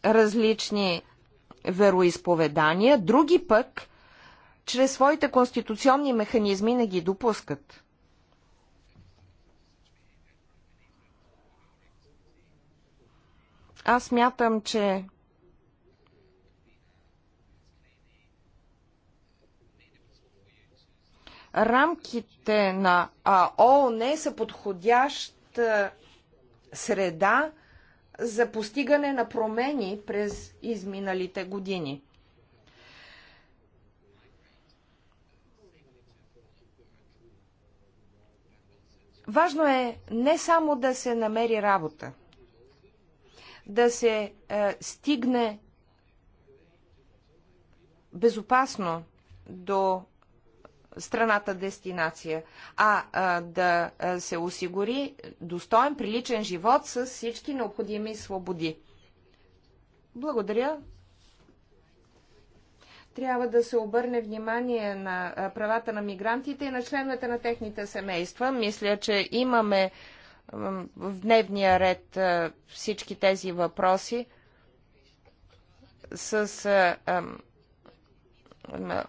различни вероисповедания, други пък чрез своите конституционни механизми не ги допускат. Аз мятам, че рамките на ООН е са подходяща среда за постигане на промени през изминалите години. Важно е не само да се намери работа – да се е, стигне безопасно до страната дестинация, а, а е, да е, се осигури достоен, приличен живот с всички необходими свободи. Благодаря. Трябва да се обърне внимание на правата на мигрантите и на членовете на техните семейства. Мисля, че имаме в дневния ред всички тези въпроси с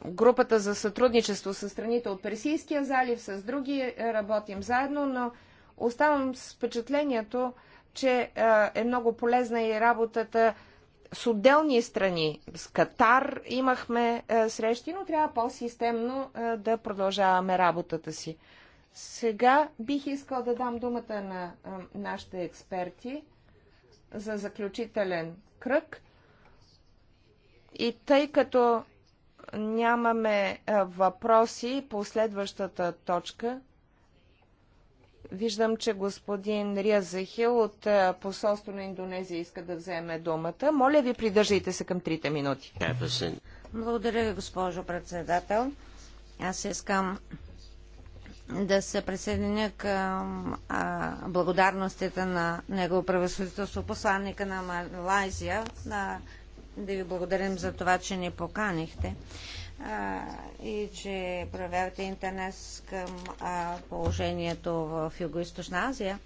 групата за сътрудничество с страните от Персийския залив, с други е, работим заедно, но оставам с впечатлението, че е много полезна и работата с отделни страни. С Катар имахме е, срещи, но трябва по-системно е, да продължаваме работата си. Сега бих искал да дам думата на а, нашите експерти за заключителен кръг. И тъй като нямаме а, въпроси по следващата точка, виждам, че господин Рязахил от а, посолство на Индонезия иска да вземе думата. Моля ви, придържайте се към трите минути. Благодаря ви, госпожо председател. Аз искам да се присъединя към а, благодарностите на Негово правосъдителство, посланника на Малайзия. На, да ви благодарим за това, че ни поканихте и че проявявате интерес към а, положението в Юго-Источна Азия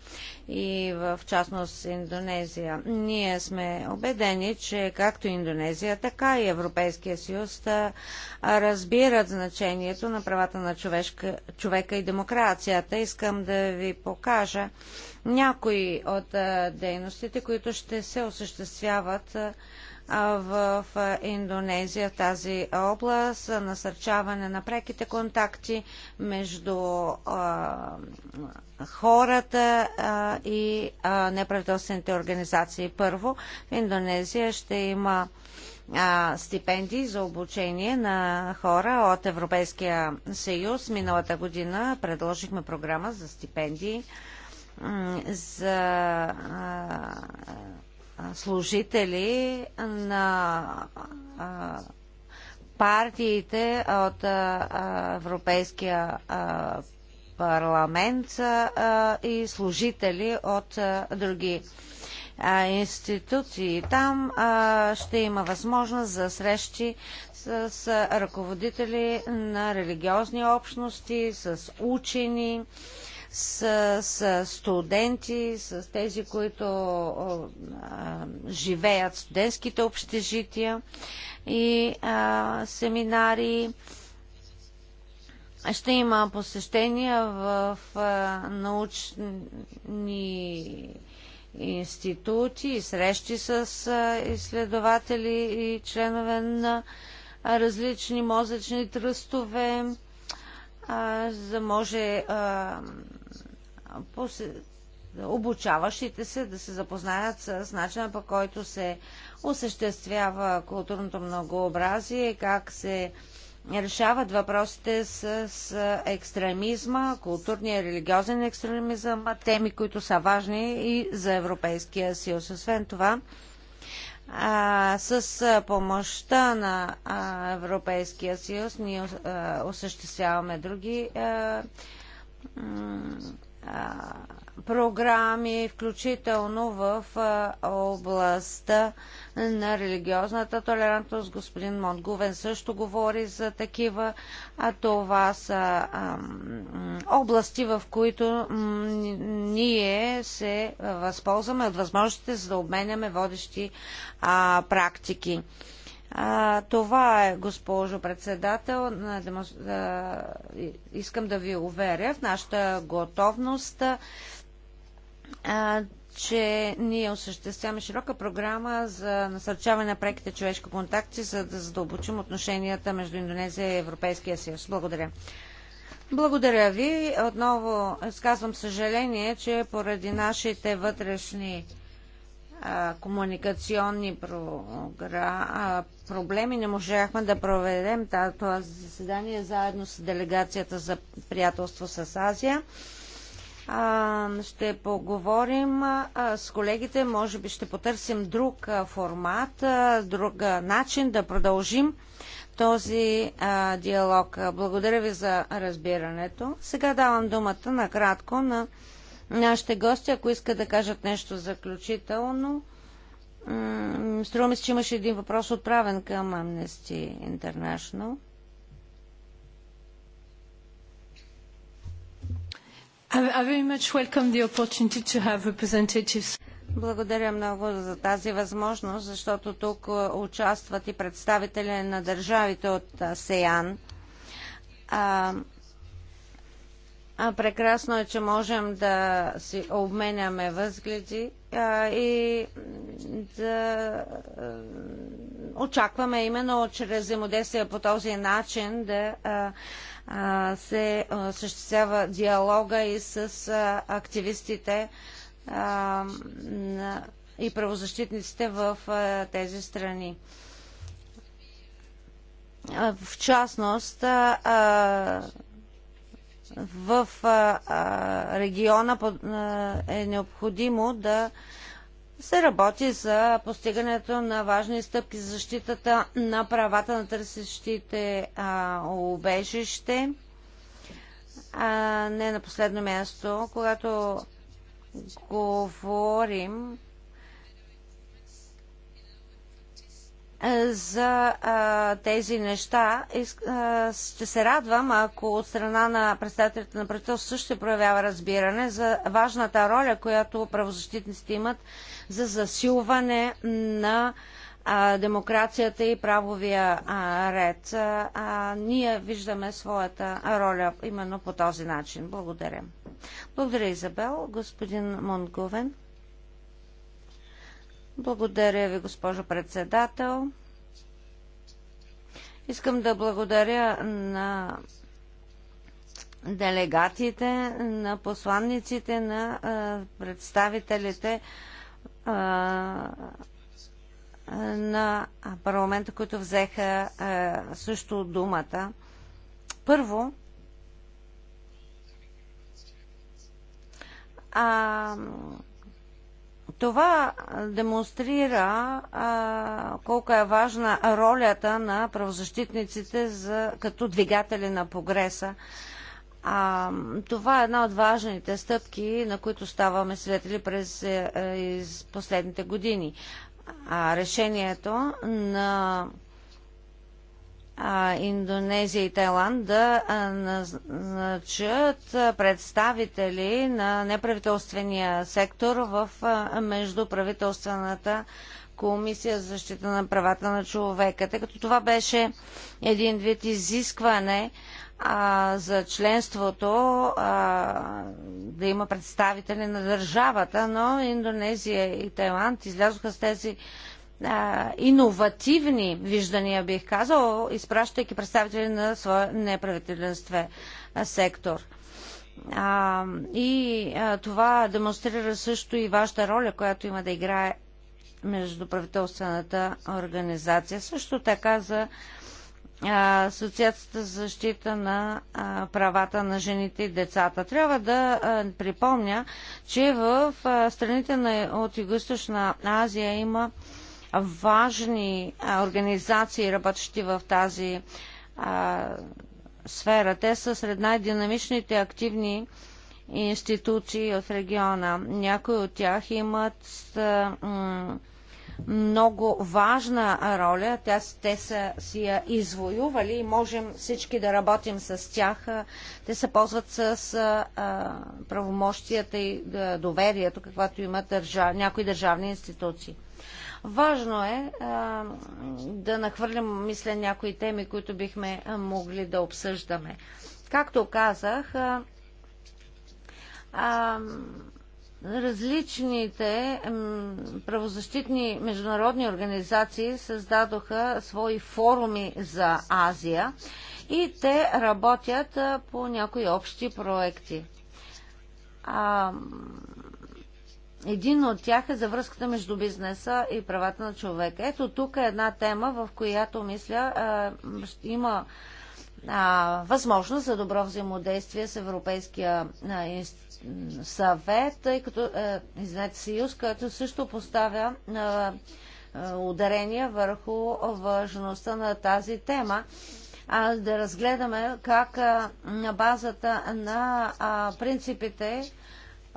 и в частност Индонезия. Ние сме убедени, че както Индонезия, така и Европейския съюз разбират значението на правата на човешка, човека и демокрацията. Искам да ви покажа някои от дейностите, които ще се осъществяват в Индонезия в тази област, насърчаване на преките контакти между хората и неправителствените организации. Първо, в Индонезия ще има стипендии за обучение на хора от Европейския съюз. Миналата година предложихме програма за стипендии за служители на партиите от Европейския парламент и служители от други институции. Там ще има възможност за срещи с ръководители на религиозни общности, с учени, с, с студенти, с тези, които а, живеят в студентските общежития и а, семинари. Ще има посещения в а, научни институти и срещи с изследователи и членове на различни мозъчни тръстове, за може обучаващите се да се запознаят с начина по който се осъществява културното многообразие, как се решават въпросите с, с екстремизма, културния и религиозен екстремизъм, теми, които са важни и за Европейския съюз. Освен това, а, с помощта на а, Европейския съюз ние а, осъществяваме други а, програми, включително в областта на религиозната толерантност. Господин Монгувен също говори за такива, а това са области, в които ние се възползваме от възможностите за да обменяме водещи практики това е, госпожо председател. искам да ви уверя в нашата готовност, че ние осъществяваме широка програма за насърчаване на преките човешки контакти, за да задълбочим отношенията между Индонезия и Европейския съюз. Благодаря. Благодаря ви. Отново сказвам съжаление, че поради нашите вътрешни комуникационни проблеми не можахме да проведем това заседание заедно с делегацията за приятелство с Азия. Ще поговорим с колегите, може би ще потърсим друг формат, друг начин да продължим този диалог. Благодаря ви за разбирането. Сега давам думата накратко на нашите гости, ако искат да кажат нещо заключително. Струва ми се, че имаше един въпрос отправен към Amnesty International. I very much welcome the opportunity to have representatives. Благодаря много за тази възможност, защото тук е, участват и представители на държавите от е, СЕАН. А, прекрасно е, че можем да си обменяме възгледи а, и да очакваме именно чрез взаимодействие по този начин да а, а, се осъществява диалога и с а, активистите а, и правозащитниците в а, тези страни в частност, в а, а, региона е необходимо да се работи за постигането на важни стъпки за защитата на правата на търсещите а, убежище. А, не на последно място, когато говорим Е, за а, е, тези неща. И, е, а, ще се радвам, ако от страна на представителите на правителството ще проявява разбиране за важната роля, която правозащитниците имат за засилване на а, демокрацията и правовия ред. ние виждаме своята роля именно по този начин. Благодаря. Благодаря, Изабел. Господин Монговен. Благодаря ви, госпожо председател. Искам да благодаря на делегатите, на посланниците, на представителите на парламента, които взеха също думата. Първо, а, това демонстрира а, колко е важна ролята на правозащитниците за, като двигатели на прогреса. А, това е една от важните стъпки, на които ставаме свидетели през е, е, последните години. А решението на Индонезия и Тайланд да назначат представители на неправителствения сектор в Междуправителствената комисия за защита на правата на човека. Тъй като това беше един вид изискване а, за членството а, да има представители на държавата, но Индонезия и Тайланд излязоха с тези а, иновативни виждания, бих казал, изпращайки представители на своя неправителствен сектор. А, и а, това демонстрира също и вашата роля, която има да играе междуправителствената организация. Също така за Асоциацията за защита на а, правата на жените и децата. Трябва да а, припомня, че в страните на, от Юго-Источна Азия има важни организации, работещи в тази а, сфера. Те са сред най-динамичните активни институции от региона. Някои от тях имат а, много важна роля. Те, те са си я извоювали и можем всички да работим с тях. Те се ползват с а, правомощията и доверието, каквато имат държав... някои държавни институции. Важно е а, да нахвърлим, мисля, някои теми, които бихме могли да обсъждаме. Както казах, а, а, различните правозащитни международни организации създадоха свои форуми за Азия и те работят по някои общи проекти. Един от тях е за връзката между бизнеса и правата на човека. Ето тук е една тема, в която, мисля, е, има а, възможност за добро взаимодействие с Европейския а, инст... съвет, тъй като, е, извинете, съюз, който също поставя е, ударение върху важността на тази тема. А, да разгледаме как а, на базата на а, принципите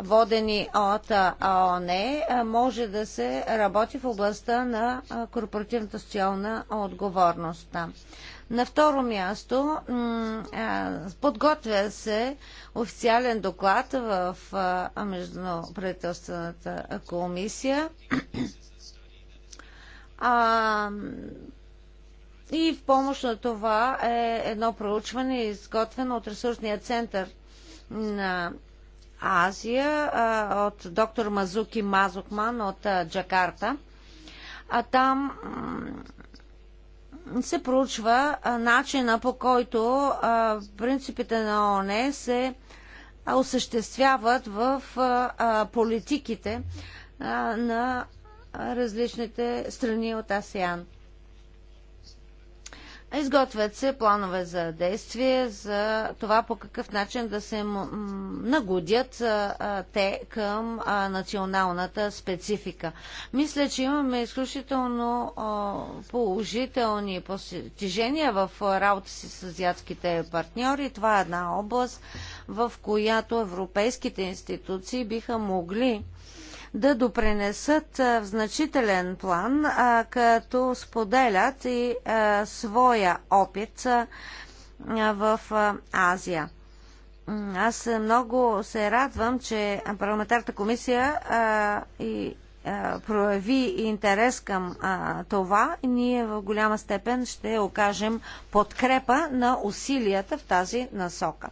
водени от ООН, е, може да се работи в областта на корпоративната социална отговорност. На второ място, подготвя се официален доклад в Междуправителствената комисия. И в помощ на това е едно проучване, изготвено от ресурсния център на Азия от доктор Мазуки Мазукман от Джакарта. А там се проучва начина по който принципите на ООН се осъществяват в политиките на различните страни от АСЕАН. Изготвят се планове за действие за това по какъв начин да се нагодят те към националната специфика. Мисля, че имаме изключително положителни постижения в работа си с азиатските партньори. Това е една област, в която европейските институции биха могли да допренесат в значителен план, като споделят и своя опит в Азия. Аз много се радвам, че парламентарната комисия и прояви интерес към а, това, ние в голяма степен ще окажем подкрепа на усилията в тази насока.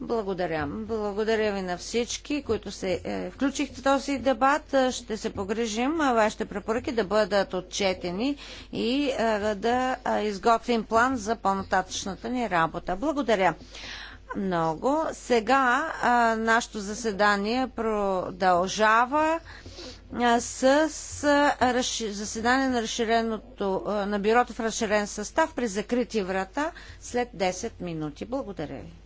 Благодаря. Благодаря ви на всички, които се е, включихте в този дебат. Е, ще се погрежим е, вашите препоръки да бъдат отчетени и е, да е, изготвим план за по-нататъчната ни работа. Благодаря много. Сега е, нашето заседание продължава с заседание на, разширеното, на бюрото в разширен състав при закрити врата след 10 минути. Благодаря ви.